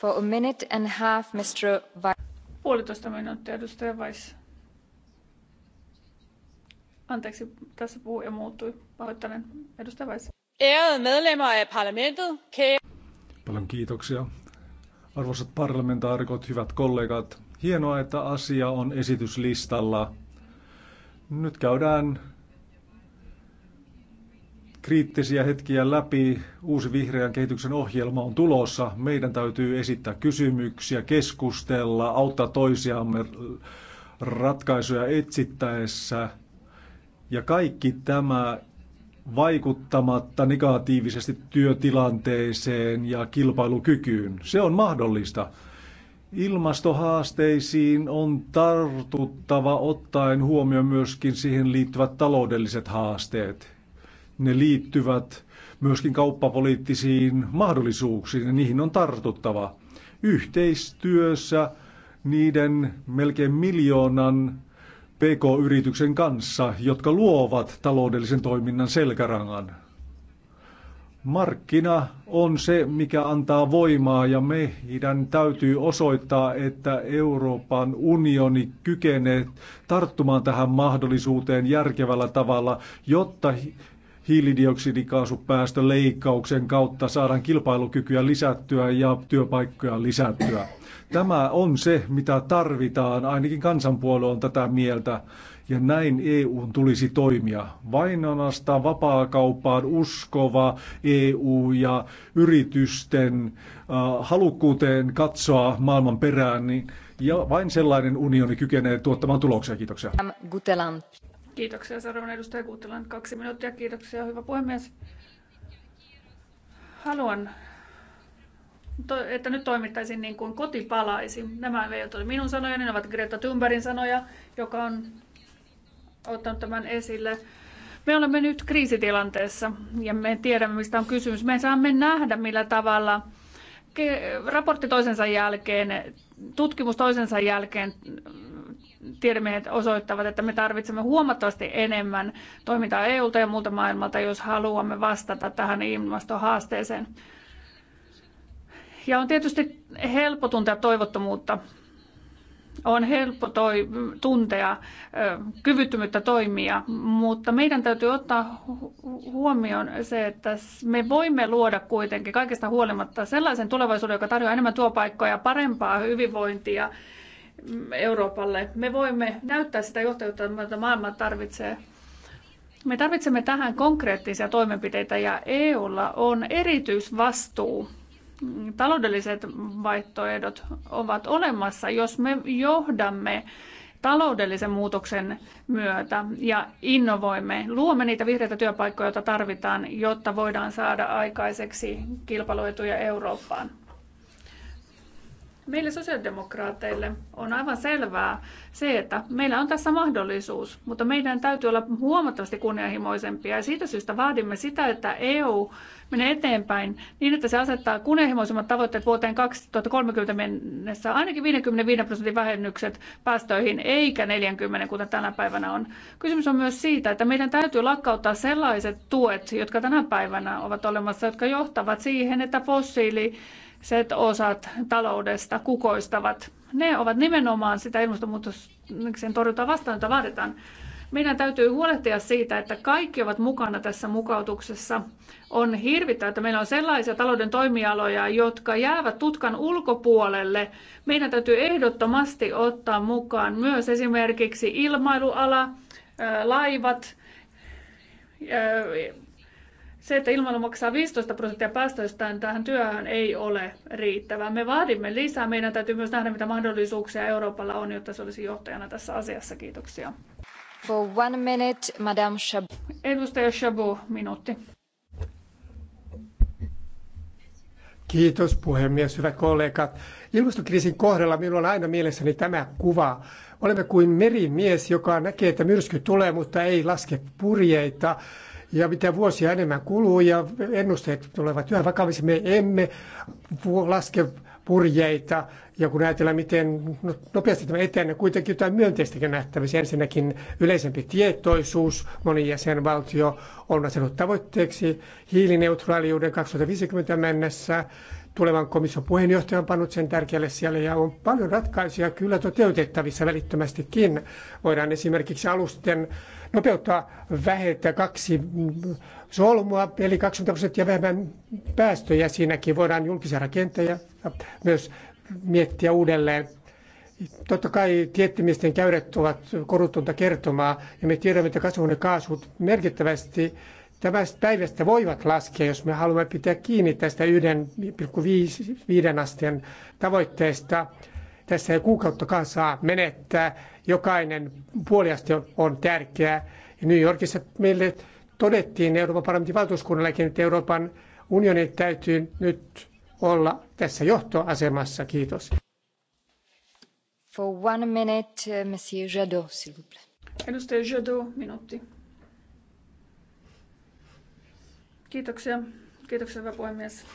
For a minute and a half, Mr. Puolitoista minuuttia, edustaja Weiss. Anteeksi, tässä ja muuttui. Pahoittelen. Edustaja Vais. Ärade medlemmer af parlamentet. Paljon kiitoksia. Arvoisat parlamentaarikot, hyvät kollegat, hienoa, että asia on esityslistalla. Nyt käydään kriittisiä hetkiä läpi. Uusi vihreän kehityksen ohjelma on tulossa. Meidän täytyy esittää kysymyksiä, keskustella, auttaa toisiamme ratkaisuja etsittäessä – ja kaikki tämä vaikuttamatta negatiivisesti työtilanteeseen ja kilpailukykyyn. Se on mahdollista. Ilmastohaasteisiin on tartuttava ottaen huomioon myöskin siihen liittyvät taloudelliset haasteet. Ne liittyvät myöskin kauppapoliittisiin mahdollisuuksiin ja niihin on tartuttava. Yhteistyössä niiden melkein miljoonan PK-yrityksen kanssa, jotka luovat taloudellisen toiminnan selkärangan. Markkina on se, mikä antaa voimaa ja meidän täytyy osoittaa, että Euroopan unioni kykenee tarttumaan tähän mahdollisuuteen järkevällä tavalla, jotta hiilidioksidikaasupäästöleikkauksen kautta saadaan kilpailukykyä lisättyä ja työpaikkoja lisättyä. Tämä on se, mitä tarvitaan, ainakin kansanpuolue on tätä mieltä, ja näin EUn tulisi toimia. Vainonasta vapaa vapaakauppaan uskova EU ja yritysten äh, halukkuuteen katsoa maailman perään, niin ja vain sellainen unioni kykenee tuottamaan tuloksia. Kiitoksia. Kiitoksia. Seuraavan edustaja Kuuttelan kaksi minuuttia. Kiitoksia, hyvä puhemies. Haluan, että nyt toimittaisin niin kuin koti palaisi. Nämä eivät ole minun sanoja, ne ovat Greta Thunbergin sanoja, joka on ottanut tämän esille. Me olemme nyt kriisitilanteessa ja me tiedämme, mistä on kysymys. Me saamme nähdä, millä tavalla raportti toisensa jälkeen, tutkimus toisensa jälkeen tiedemiehet osoittavat, että me tarvitsemme huomattavasti enemmän toimintaa EUlta ja muulta maailmalta, jos haluamme vastata tähän ilmastohaasteeseen. Ja on tietysti helppo tuntea toivottomuutta. On helppo toi, tuntea ö, kyvyttömyyttä toimia, mutta meidän täytyy ottaa huomioon se, että me voimme luoda kuitenkin kaikesta huolimatta sellaisen tulevaisuuden, joka tarjoaa enemmän työpaikkoja, parempaa hyvinvointia Euroopalle. Me voimme näyttää sitä johtajuutta, mitä maailma tarvitsee. Me tarvitsemme tähän konkreettisia toimenpiteitä ja EUlla on erityisvastuu. Taloudelliset vaihtoehdot ovat olemassa, jos me johdamme taloudellisen muutoksen myötä ja innovoimme, luomme niitä vihreitä työpaikkoja, joita tarvitaan, jotta voidaan saada aikaiseksi kilpailuetuja Eurooppaan. Meille sosiaalidemokraateille on aivan selvää se, että meillä on tässä mahdollisuus, mutta meidän täytyy olla huomattavasti kunnianhimoisempia. Ja siitä syystä vaadimme sitä, että EU menee eteenpäin niin, että se asettaa kunnianhimoisemmat tavoitteet vuoteen 2030 mennessä, ainakin 55 prosentin vähennykset päästöihin, eikä 40, kuten tänä päivänä on. Kysymys on myös siitä, että meidän täytyy lakkauttaa sellaiset tuet, jotka tänä päivänä ovat olemassa, jotka johtavat siihen, että fossiili se osat taloudesta kukoistavat. Ne ovat nimenomaan sitä ilmastonmuutoksen torjuntaa vastaan, jota vaaditaan. Meidän täytyy huolehtia siitä, että kaikki ovat mukana tässä mukautuksessa. On hirvittävää, että meillä on sellaisia talouden toimialoja, jotka jäävät tutkan ulkopuolelle. Meidän täytyy ehdottomasti ottaa mukaan myös esimerkiksi ilmailuala, laivat, se, että ilmailu maksaa 15 prosenttia päästöistään tähän työhön ei ole riittävää. Me vaadimme lisää. Meidän täytyy myös nähdä, mitä mahdollisuuksia Euroopalla on, jotta se olisi johtajana tässä asiassa. Kiitoksia. For one minute, Madame Chabot. Edustaja Chabot, minuutti. Kiitos puhemies, hyvät kollegat. Ilmastokriisin kohdalla minulla on aina mielessäni tämä kuva. Olemme kuin merimies, joka näkee, että myrsky tulee, mutta ei laske purjeita ja mitä vuosia enemmän kuluu ja ennusteet tulevat yhä vakavissa. Me emme laske purjeita ja kun ajatellaan, miten no, nopeasti tämä etenee, niin kuitenkin jotain myönteistäkin nähtävissä. Ensinnäkin yleisempi tietoisuus, moni jäsenvaltio on asennut tavoitteeksi hiilineutraaliuden 2050 mennessä tulevan komission puheenjohtaja on pannut sen tärkeälle siellä ja on paljon ratkaisuja kyllä toteutettavissa välittömästikin. Voidaan esimerkiksi alusten nopeuttaa vähentää kaksi solmua, eli 20 prosenttia vähemmän päästöjä siinäkin. Voidaan julkisia rakenteja myös miettiä uudelleen. Totta kai tiettimiesten käyrät ovat koruttonta kertomaa ja me tiedämme, että kasvuhuonekaasut merkittävästi Tästä päivästä voivat laskea, jos me haluamme pitää kiinni tästä 1,5 asteen tavoitteesta. Tässä ei kuukauttakaan saa menettää. Jokainen puoliaste on tärkeä. Ja New Yorkissa meille todettiin Euroopan parlamentin valtuuskunnallekin, että Euroopan unionin täytyy nyt olla tässä johtoasemassa. Kiitos. For one minute, uh, Monsieur Jadot, s'il vous plaît. Edustaja Jadot, minuutti. Kiitoksia. Kiitoksia, hyvä puhemies.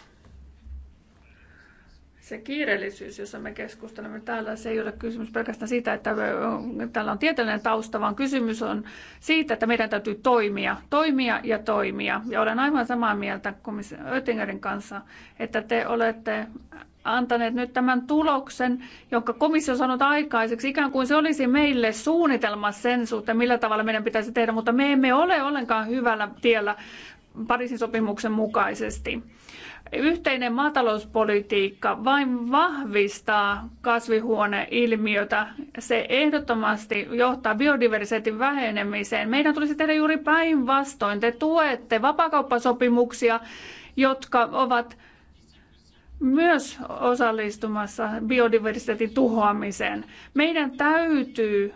Se kiireellisyys, jossa me keskustelemme täällä, se ei ole kysymys pelkästään siitä, että täällä on tieteellinen tausta, vaan kysymys on siitä, että meidän täytyy toimia, toimia ja toimia. Ja olen aivan samaa mieltä komission Oettingerin kanssa, että te olette antaneet nyt tämän tuloksen, jonka komissio on saanut aikaiseksi. Ikään kuin se olisi meille suunnitelma sen suhteen, millä tavalla meidän pitäisi tehdä, mutta me emme ole ollenkaan hyvällä tiellä, Pariisin sopimuksen mukaisesti. Yhteinen maatalouspolitiikka vain vahvistaa kasvihuoneilmiötä. Se ehdottomasti johtaa biodiversiteetin vähenemiseen. Meidän tulisi tehdä juuri päinvastoin. Te tuette vapakauppasopimuksia, jotka ovat myös osallistumassa biodiversiteetin tuhoamiseen. Meidän täytyy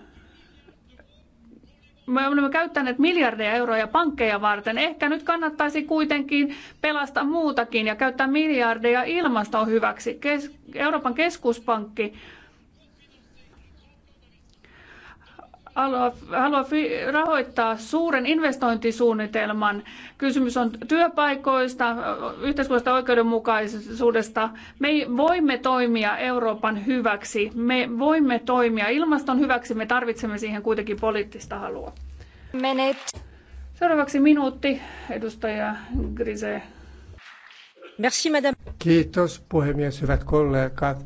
me olemme käyttäneet miljardeja euroja pankkeja varten. Ehkä nyt kannattaisi kuitenkin pelastaa muutakin ja käyttää miljardeja ilmaston hyväksi. Euroopan keskuspankki haluaa, rahoittaa suuren investointisuunnitelman. Kysymys on työpaikoista, yhteiskunnallisesta oikeudenmukaisuudesta. Me voimme toimia Euroopan hyväksi, me voimme toimia ilmaston hyväksi, me tarvitsemme siihen kuitenkin poliittista halua. Menet. Seuraavaksi minuutti, edustaja Grise. Merci, madame. Kiitos puhemies, hyvät kollegat.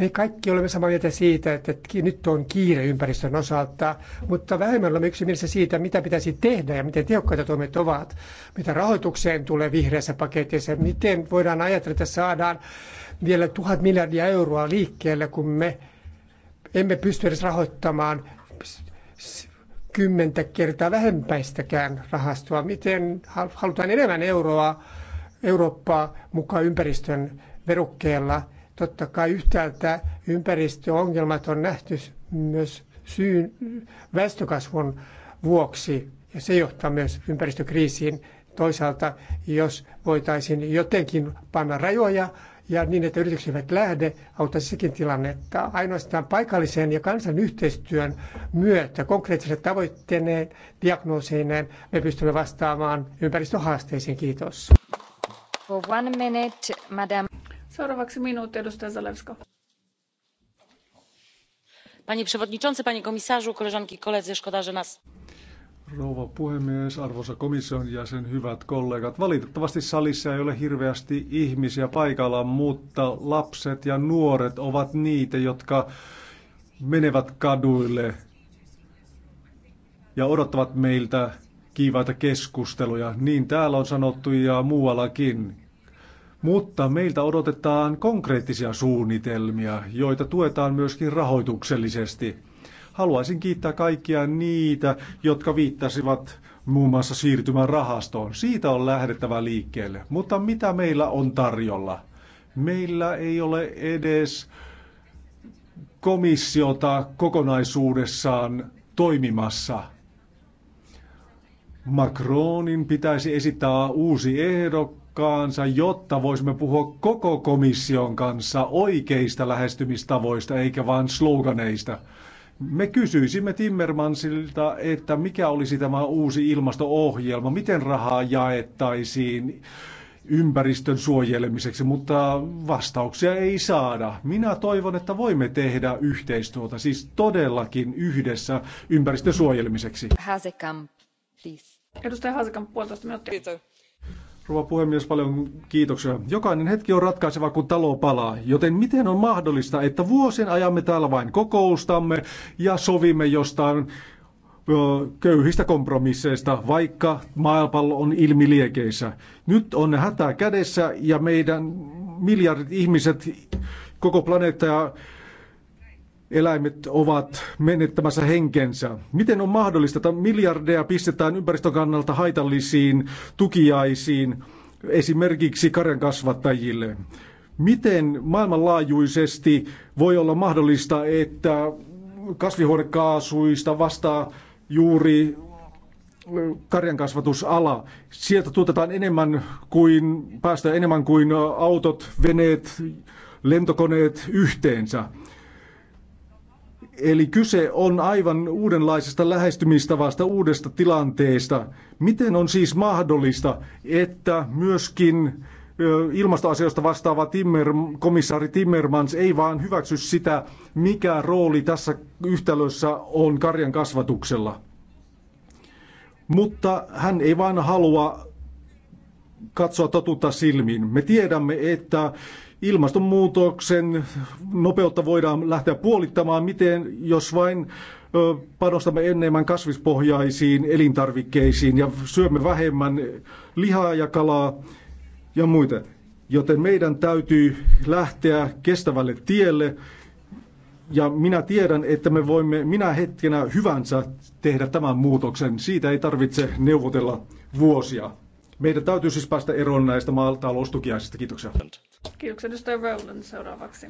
Me kaikki olemme samaa mieltä siitä, että nyt on kiire ympäristön osalta, mutta vähemmän olemme mielessä siitä, mitä pitäisi tehdä ja miten tehokkaita toimet ovat, mitä rahoitukseen tulee vihreässä paketissa, miten voidaan ajatella, että saadaan vielä tuhat miljardia euroa liikkeelle, kun me emme pysty edes rahoittamaan kymmentä kertaa vähempäistäkään rahastoa. Miten halutaan enemmän euroa Eurooppaa mukaan ympäristön verukkeella – Totta kai yhtäältä ympäristöongelmat on nähty myös syyn väestökasvun vuoksi, ja se johtaa myös ympäristökriisiin. Toisaalta, jos voitaisiin jotenkin panna rajoja ja niin, että yritykset eivät lähde, auttaisi sekin tilannetta. Ainoastaan paikallisen ja kansan yhteistyön myötä konkreettisille tavoitteineen, diagnooseineen me pystymme vastaamaan ympäristöhaasteisiin. Kiitos. For one minute, madam. Seuraavaksi minuutti, edustaja Zalewska. Panie przewodniczący, panie komisarzu, koleżanki i koledzy, szkoda, że nas... Rouva puhemies, arvoisa komission jäsen, hyvät kollegat. Valitettavasti salissa ei ole hirveästi ihmisiä paikalla, mutta lapset ja nuoret ovat niitä, jotka menevät kaduille ja odottavat meiltä kiivaita keskusteluja. Niin täällä on sanottu ja muuallakin. Mutta meiltä odotetaan konkreettisia suunnitelmia, joita tuetaan myöskin rahoituksellisesti. Haluaisin kiittää kaikkia niitä, jotka viittasivat muun muassa siirtymän rahastoon. Siitä on lähdettävä liikkeelle. Mutta mitä meillä on tarjolla? Meillä ei ole edes komissiota kokonaisuudessaan toimimassa. Macronin pitäisi esittää uusi ehdok, paikkaansa, jotta voisimme puhua koko komission kanssa oikeista lähestymistavoista eikä vain sloganeista. Me kysyisimme Timmermansilta, että mikä olisi tämä uusi ilmasto-ohjelma, miten rahaa jaettaisiin ympäristön suojelemiseksi, mutta vastauksia ei saada. Minä toivon, että voimme tehdä yhteistyötä, siis todellakin yhdessä ympäristön suojelemiseksi. Hasekamp, please. Edustaja Hasekamp, puolitoista minuuttia. Kiitos Rouva puhemies, paljon kiitoksia. Jokainen hetki on ratkaiseva, kun talo palaa. Joten miten on mahdollista, että vuosien ajamme täällä vain kokoustamme ja sovimme jostain köyhistä kompromisseista, vaikka maailmapallo on ilmiliekeissä. Nyt on hätä kädessä ja meidän miljardit ihmiset, koko planeetta ja eläimet ovat menettämässä henkensä. Miten on mahdollista, että miljardeja pistetään ympäristön kannalta haitallisiin tukiaisiin, esimerkiksi karjan kasvattajille? Miten maailmanlaajuisesti voi olla mahdollista, että kasvihuonekaasuista vastaa juuri karjankasvatusala. Sieltä tuotetaan enemmän kuin, päästöjä enemmän kuin autot, veneet, lentokoneet yhteensä. Eli kyse on aivan uudenlaisesta lähestymistavasta, uudesta tilanteesta. Miten on siis mahdollista, että myöskin ilmastoasioista vastaava Timmer, komissaari Timmermans ei vaan hyväksy sitä, mikä rooli tässä yhtälössä on karjan kasvatuksella. Mutta hän ei vaan halua katsoa totuutta silmiin. Me tiedämme, että Ilmastonmuutoksen nopeutta voidaan lähteä puolittamaan, miten jos vain panostamme enemmän kasvispohjaisiin elintarvikkeisiin ja syömme vähemmän lihaa ja kalaa ja muita. Joten meidän täytyy lähteä kestävälle tielle ja minä tiedän, että me voimme minä hetkenä hyvänsä tehdä tämän muutoksen. Siitä ei tarvitse neuvotella vuosia. Meidän täytyy siis päästä eroon näistä maataloustukiaisista. Kiitoksia. Kiitoksia edustaja Rowland seuraavaksi.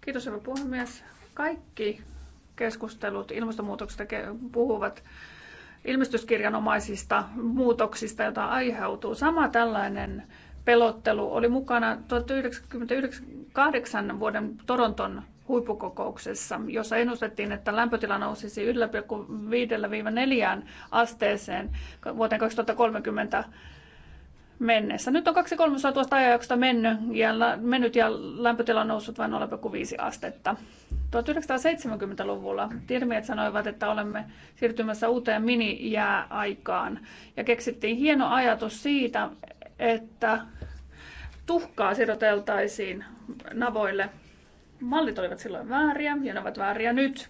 Kiitos hyvä puhemies. Kaikki keskustelut ilmastonmuutoksesta puhuvat ilmestyskirjanomaisista muutoksista, joita aiheutuu. Sama tällainen pelottelu oli mukana 1998 vuoden Toronton huippukokouksessa, jossa ennustettiin, että lämpötila nousisi 1,5-4 asteeseen vuoteen 2030 mennessä. Nyt on 2 300 tuosta ajanjaksosta mennyt ja, mennyt ja lämpötila on noussut vain 0,5 astetta. 1970-luvulla tiedemiehet sanoivat, että olemme siirtymässä uuteen minijääaikaan ja keksittiin hieno ajatus siitä, että tuhkaa siroteltaisiin navoille. Mallit olivat silloin vääriä ja ne ovat vääriä nyt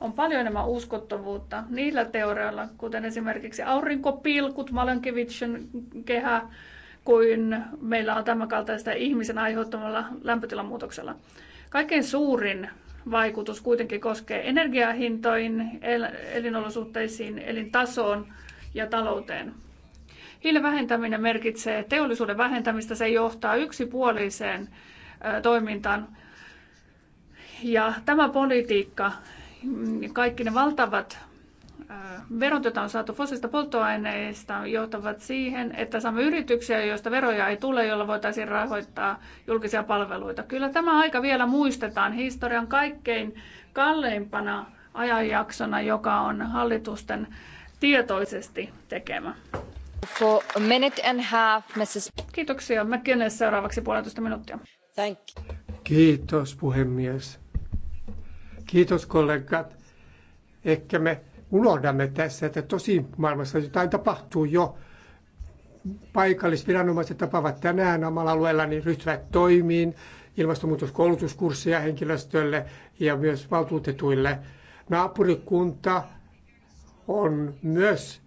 on paljon enemmän uskottavuutta niillä teoreilla, kuten esimerkiksi aurinkopilkut, Malenkevitsin kehä, kuin meillä on tämän kaltaista ihmisen aiheuttamalla lämpötilamuutoksella. Kaikkein suurin vaikutus kuitenkin koskee energiahintoihin, elinolosuhteisiin, elintasoon ja talouteen. Hiilen vähentäminen merkitsee teollisuuden vähentämistä, se johtaa yksipuoliseen toimintaan. Ja tämä politiikka Mm, kaikki ne valtavat verot, joita on saatu fossiilista polttoaineista, johtavat siihen, että saamme yrityksiä, joista veroja ei tule, joilla voitaisiin rahoittaa julkisia palveluita. Kyllä tämä aika vielä muistetaan historian kaikkein kalleimpana ajanjaksona, joka on hallitusten tietoisesti tekemä. For a minute and half, Mrs. Kiitoksia. McKinnes seuraavaksi puolitoista minuuttia. Thank you. Kiitos puhemies. Kiitos kollegat. Ehkä me unohdamme tässä, että tosi maailmassa jotain tapahtuu jo. Paikallisviranomaiset tapaavat tänään omalla alueella, niin ryhtyvät toimiin ilmastonmuutoskoulutuskursseja henkilöstölle ja myös valtuutetuille. Naapurikunta on myös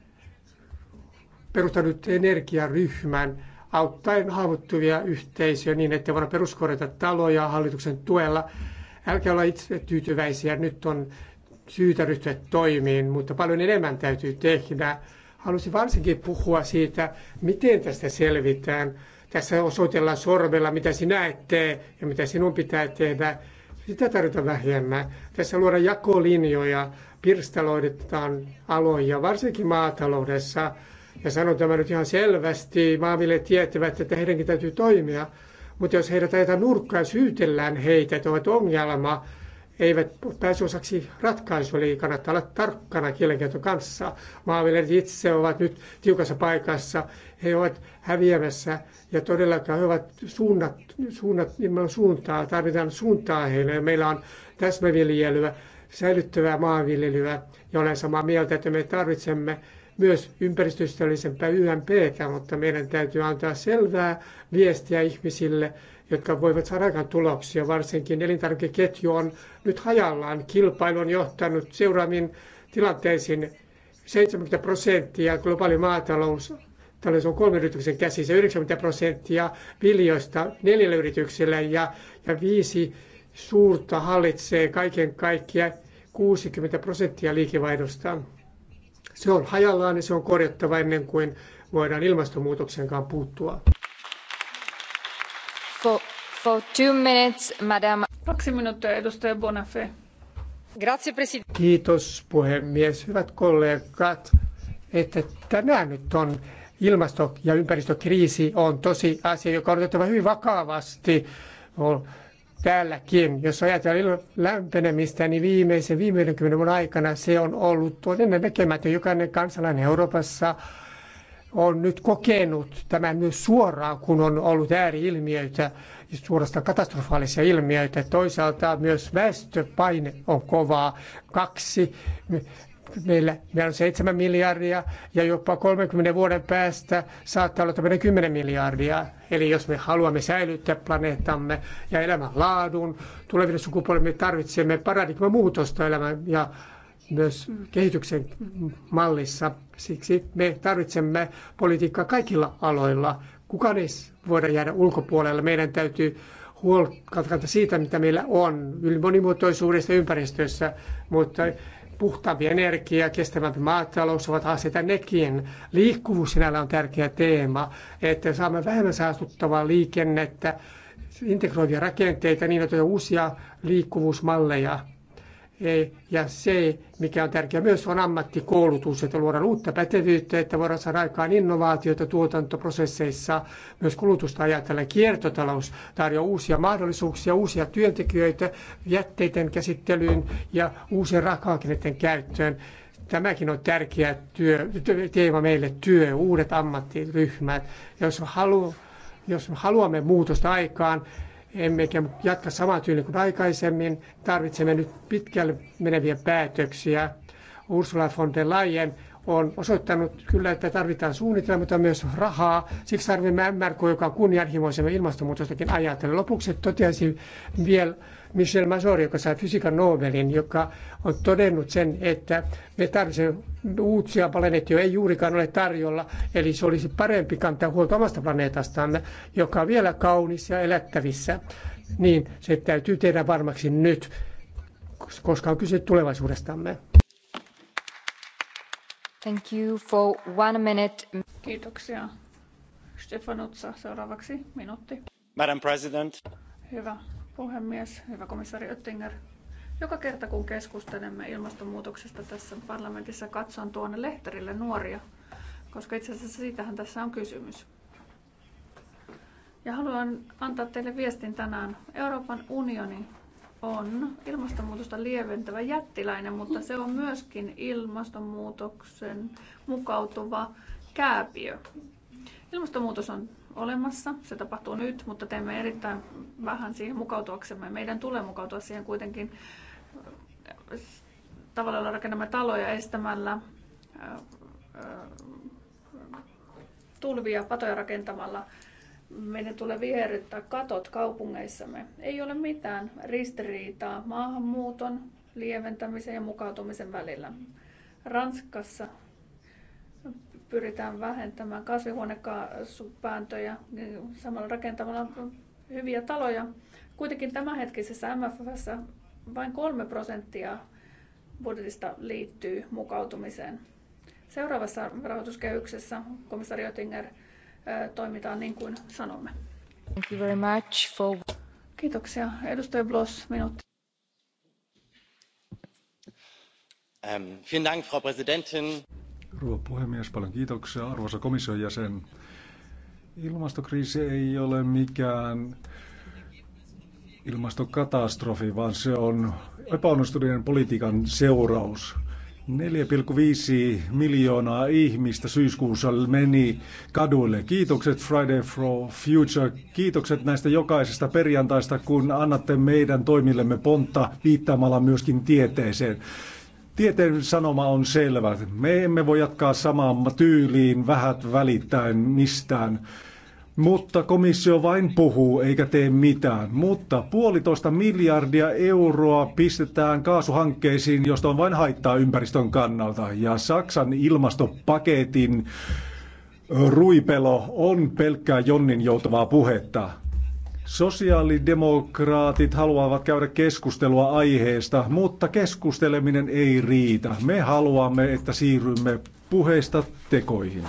perustanut energiaryhmän auttaen haavoittuvia yhteisöjä niin, että voidaan peruskorjata taloja hallituksen tuella Älkää olla itse tyytyväisiä, nyt on syytä ryhtyä toimiin, mutta paljon enemmän täytyy tehdä. Haluaisin varsinkin puhua siitä, miten tästä selvitään. Tässä osoitellaan sormella, mitä sinä et tee ja mitä sinun pitää tehdä. Sitä tarvitaan vähemmän. Tässä luodaan jakolinjoja, pirstaloidetaan aloja, varsinkin maataloudessa. Ja sanon tämä nyt ihan selvästi, maanviljelijät tietävät, että heidänkin täytyy toimia. Mutta jos heidät ajetaan nurkkaan, syytellään heitä, että ovat ongelma, eivät pääse osaksi ratkaisua, eli kannattaa olla tarkkana kielenkäytön kanssa. Maanviljelijät itse ovat nyt tiukassa paikassa, he ovat häviämässä ja todellakaan he ovat suunnat, suunnat ilman suuntaa, tarvitaan suuntaa heille. Meillä on täsmäviljelyä, säilyttävää maanviljelyä ja olen samaa mieltä, että me tarvitsemme myös ympäristöystävällisempää YMPtä, mutta meidän täytyy antaa selvää viestiä ihmisille, jotka voivat saada aikaan tuloksia, varsinkin elintarvikeketju on nyt hajallaan. Kilpailu on johtanut seuraaviin tilanteisiin 70 prosenttia globaali maatalous Tällä on kolmen yrityksen käsissä, 90 prosenttia viljoista neljälle yritykselle ja, ja viisi suurta hallitsee kaiken kaikkiaan 60 prosenttia liikevaihdosta. Se on hajallaan ja se on korjattava ennen kuin voidaan ilmastonmuutokseenkaan puuttua. For, for two minutes, madam. Kaksi minuuttia, edustaja Bonafé. Grazie, president. Kiitos puhemies, hyvät kollegat, että tänään nyt on ilmasto- ja ympäristökriisi on tosi asia, joka on otettava hyvin vakavasti täälläkin. Jos ajatellaan lämpenemistä, niin viimeisen 50 vuoden aikana se on ollut todennäköinen näkemätön. Jokainen kansalainen Euroopassa on nyt kokenut tämän myös suoraan, kun on ollut ääriilmiöitä, suorastaan katastrofaalisia ilmiöitä. Toisaalta myös väestöpaine on kovaa. Kaksi meillä, meillä on 7 miljardia ja jopa 30 vuoden päästä saattaa olla 10 miljardia. Eli jos me haluamme säilyttää planeettamme ja laadun, tuleville sukupolville tarvitsemme paradigman muutosta elämän ja myös kehityksen mallissa. Siksi me tarvitsemme politiikkaa kaikilla aloilla. Kukaan ei voida jäädä ulkopuolelle. Meidän täytyy huolta siitä, mitä meillä on, monimuotoisuudessa ympäristössä, mutta puhtaampi energia, kestävämpi maatalous ovat haasteita nekin. Liikkuvuus sinällä on tärkeä teema, että saamme vähemmän saastuttavaa liikennettä, integroivia rakenteita niin, että uusia liikkuvuusmalleja E ja se, mikä on tärkeää myös, on ammattikoulutus, että luodaan uutta pätevyyttä, että voidaan saada aikaan innovaatioita tuotantoprosesseissa, myös kulutusta ajatellen. Kiertotalous tarjoaa uusia mahdollisuuksia, uusia työntekijöitä jätteiden käsittelyyn ja uusien raaka käyttöön. Tämäkin on tärkeä työ, teema meille, työ, uudet ammattiryhmät. Jos, halu, jos haluamme muutosta aikaan, emmekä jatka samaa tyyliä kuin aikaisemmin. Tarvitsemme nyt pitkälle meneviä päätöksiä. Ursula von der Leyen on osoittanut kyllä, että tarvitaan suunnitelma, mutta myös rahaa. Siksi tarvitsemme MRK, joka on kunnianhimoisemmin ilmastonmuutostakin ajatellen. Lopuksi toteaisin vielä Michel Major, joka sai fysiikan Nobelin, joka on todennut sen, että me tarvitsemme uusia planeettia, ei juurikaan ole tarjolla, eli se olisi parempi kantaa huolta omasta planeetastamme, joka on vielä kaunis ja elättävissä. Niin se täytyy tehdä varmaksi nyt, koska on kyse tulevaisuudestamme arvoisa Kiitoksia. seuraavaksi minuutti. President. Hyvä puhemies, hyvä komissaari Oettinger. Joka kerta kun keskustelemme ilmastonmuutoksesta tässä parlamentissa, katson tuonne lehterille nuoria, koska itse asiassa siitähän tässä on kysymys. Ja haluan antaa teille viestin tänään. Euroopan unioni on ilmastonmuutosta lieventävä jättiläinen, mutta se on myöskin ilmastonmuutoksen mukautuva kääpiö. Ilmastonmuutos on olemassa, se tapahtuu nyt, mutta teemme erittäin vähän siihen mukautuaksemme. Meidän tulee mukautua siihen kuitenkin äh, tavallaan rakennamme taloja estämällä äh, äh, tulvia, patoja rakentamalla meidän tulee viherryttää katot kaupungeissamme. Ei ole mitään ristiriitaa maahanmuuton, lieventämisen ja mukautumisen välillä. Ranskassa pyritään vähentämään kasvihuonekaasupäästöjä samalla rakentamalla hyviä taloja. Kuitenkin tämänhetkisessä MFFssä vain 3 prosenttia budjetista liittyy mukautumiseen. Seuraavassa rahoituskehyksessä komissaari Oettinger toimitaan niin kuin sanomme. Thank you very much for... Kiitoksia. Edustaja Bloss, minuutti. Ähm, vielen Dank, Frau Präsidentin. Rouva puhemies, paljon kiitoksia. Arvoisa komission jäsen, ilmastokriisi ei ole mikään ilmastokatastrofi, vaan se on epäonnistuneen politiikan seuraus. 4,5 miljoonaa ihmistä syyskuussa meni kaduille. Kiitokset Friday for Future. Kiitokset näistä jokaisesta perjantaista, kun annatte meidän toimillemme pontta viittaamalla myöskin tieteeseen. Tieteen sanoma on selvä. Me emme voi jatkaa samaan tyyliin vähät välittäen mistään. Mutta komissio vain puhuu eikä tee mitään. Mutta puolitoista miljardia euroa pistetään kaasuhankkeisiin, josta on vain haittaa ympäristön kannalta. Ja Saksan ilmastopaketin ruipelo on pelkkää jonnin joutavaa puhetta. Sosiaalidemokraatit haluavat käydä keskustelua aiheesta, mutta keskusteleminen ei riitä. Me haluamme, että siirrymme puheista tekoihin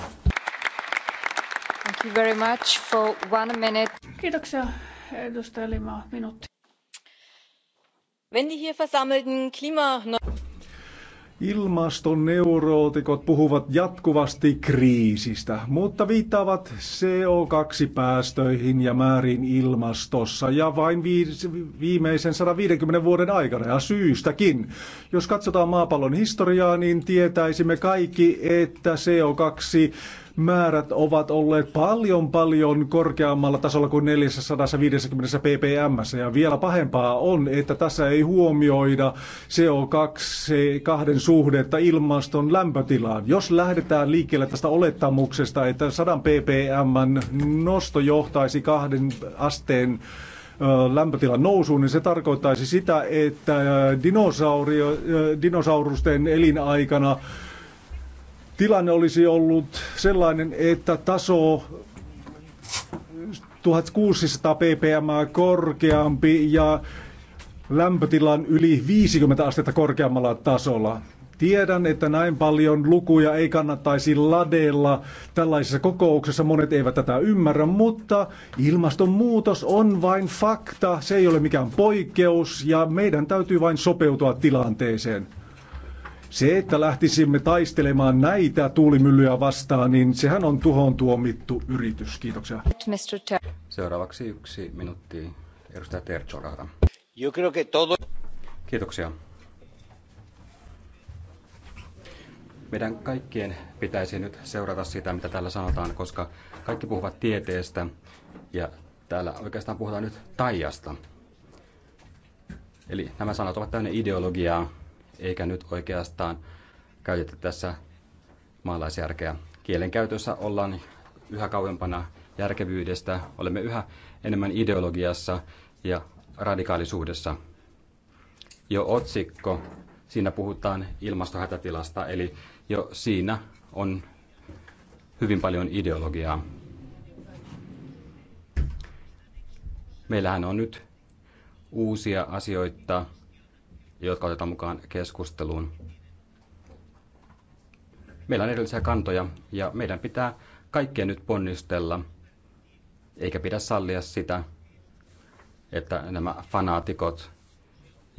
you very much for one minute. Kiitoksia, edustaja Lima, minuutti. Wenn die hier versammelten Klima... No- Ilmastoneurootikot puhuvat jatkuvasti kriisistä, mutta viittaavat CO2-päästöihin ja määrin ilmastossa ja vain viimeisen 150 vuoden aikana ja syystäkin. Jos katsotaan maapallon historiaa, niin tietäisimme kaikki, että CO2 määrät ovat olleet paljon paljon korkeammalla tasolla kuin 450 ppm. Ja vielä pahempaa on, että tässä ei huomioida CO2 suhdetta ilmaston lämpötilaan. Jos lähdetään liikkeelle tästä olettamuksesta, että 100 ppm nosto johtaisi kahden asteen lämpötilan nousuun, niin se tarkoittaisi sitä, että dinosaurusten elinaikana tilanne olisi ollut sellainen, että taso 1600 ppm korkeampi ja lämpötilan yli 50 astetta korkeammalla tasolla. Tiedän, että näin paljon lukuja ei kannattaisi ladella. Tällaisessa kokouksessa monet eivät tätä ymmärrä, mutta ilmastonmuutos on vain fakta. Se ei ole mikään poikkeus ja meidän täytyy vain sopeutua tilanteeseen. Se, että lähtisimme taistelemaan näitä tuulimyllyjä vastaan, niin sehän on tuhon tuomittu yritys. Kiitoksia. Seuraavaksi yksi minuutti. Edustaja Tertso, Kiitoksia. Meidän kaikkien pitäisi nyt seurata sitä, mitä täällä sanotaan, koska kaikki puhuvat tieteestä ja täällä oikeastaan puhutaan nyt taijasta. Eli nämä sanat ovat täynnä ideologiaa, eikä nyt oikeastaan käytetä tässä maalaisjärkeä. Kielenkäytössä ollaan yhä kauempana järkevyydestä, olemme yhä enemmän ideologiassa ja radikaalisuudessa. Jo otsikko, siinä puhutaan ilmastohätätilasta, eli jo siinä on hyvin paljon ideologiaa. Meillähän on nyt uusia asioita jotka otetaan mukaan keskusteluun. Meillä on erillisiä kantoja ja meidän pitää kaikkien nyt ponnistella, eikä pidä sallia sitä, että nämä fanaatikot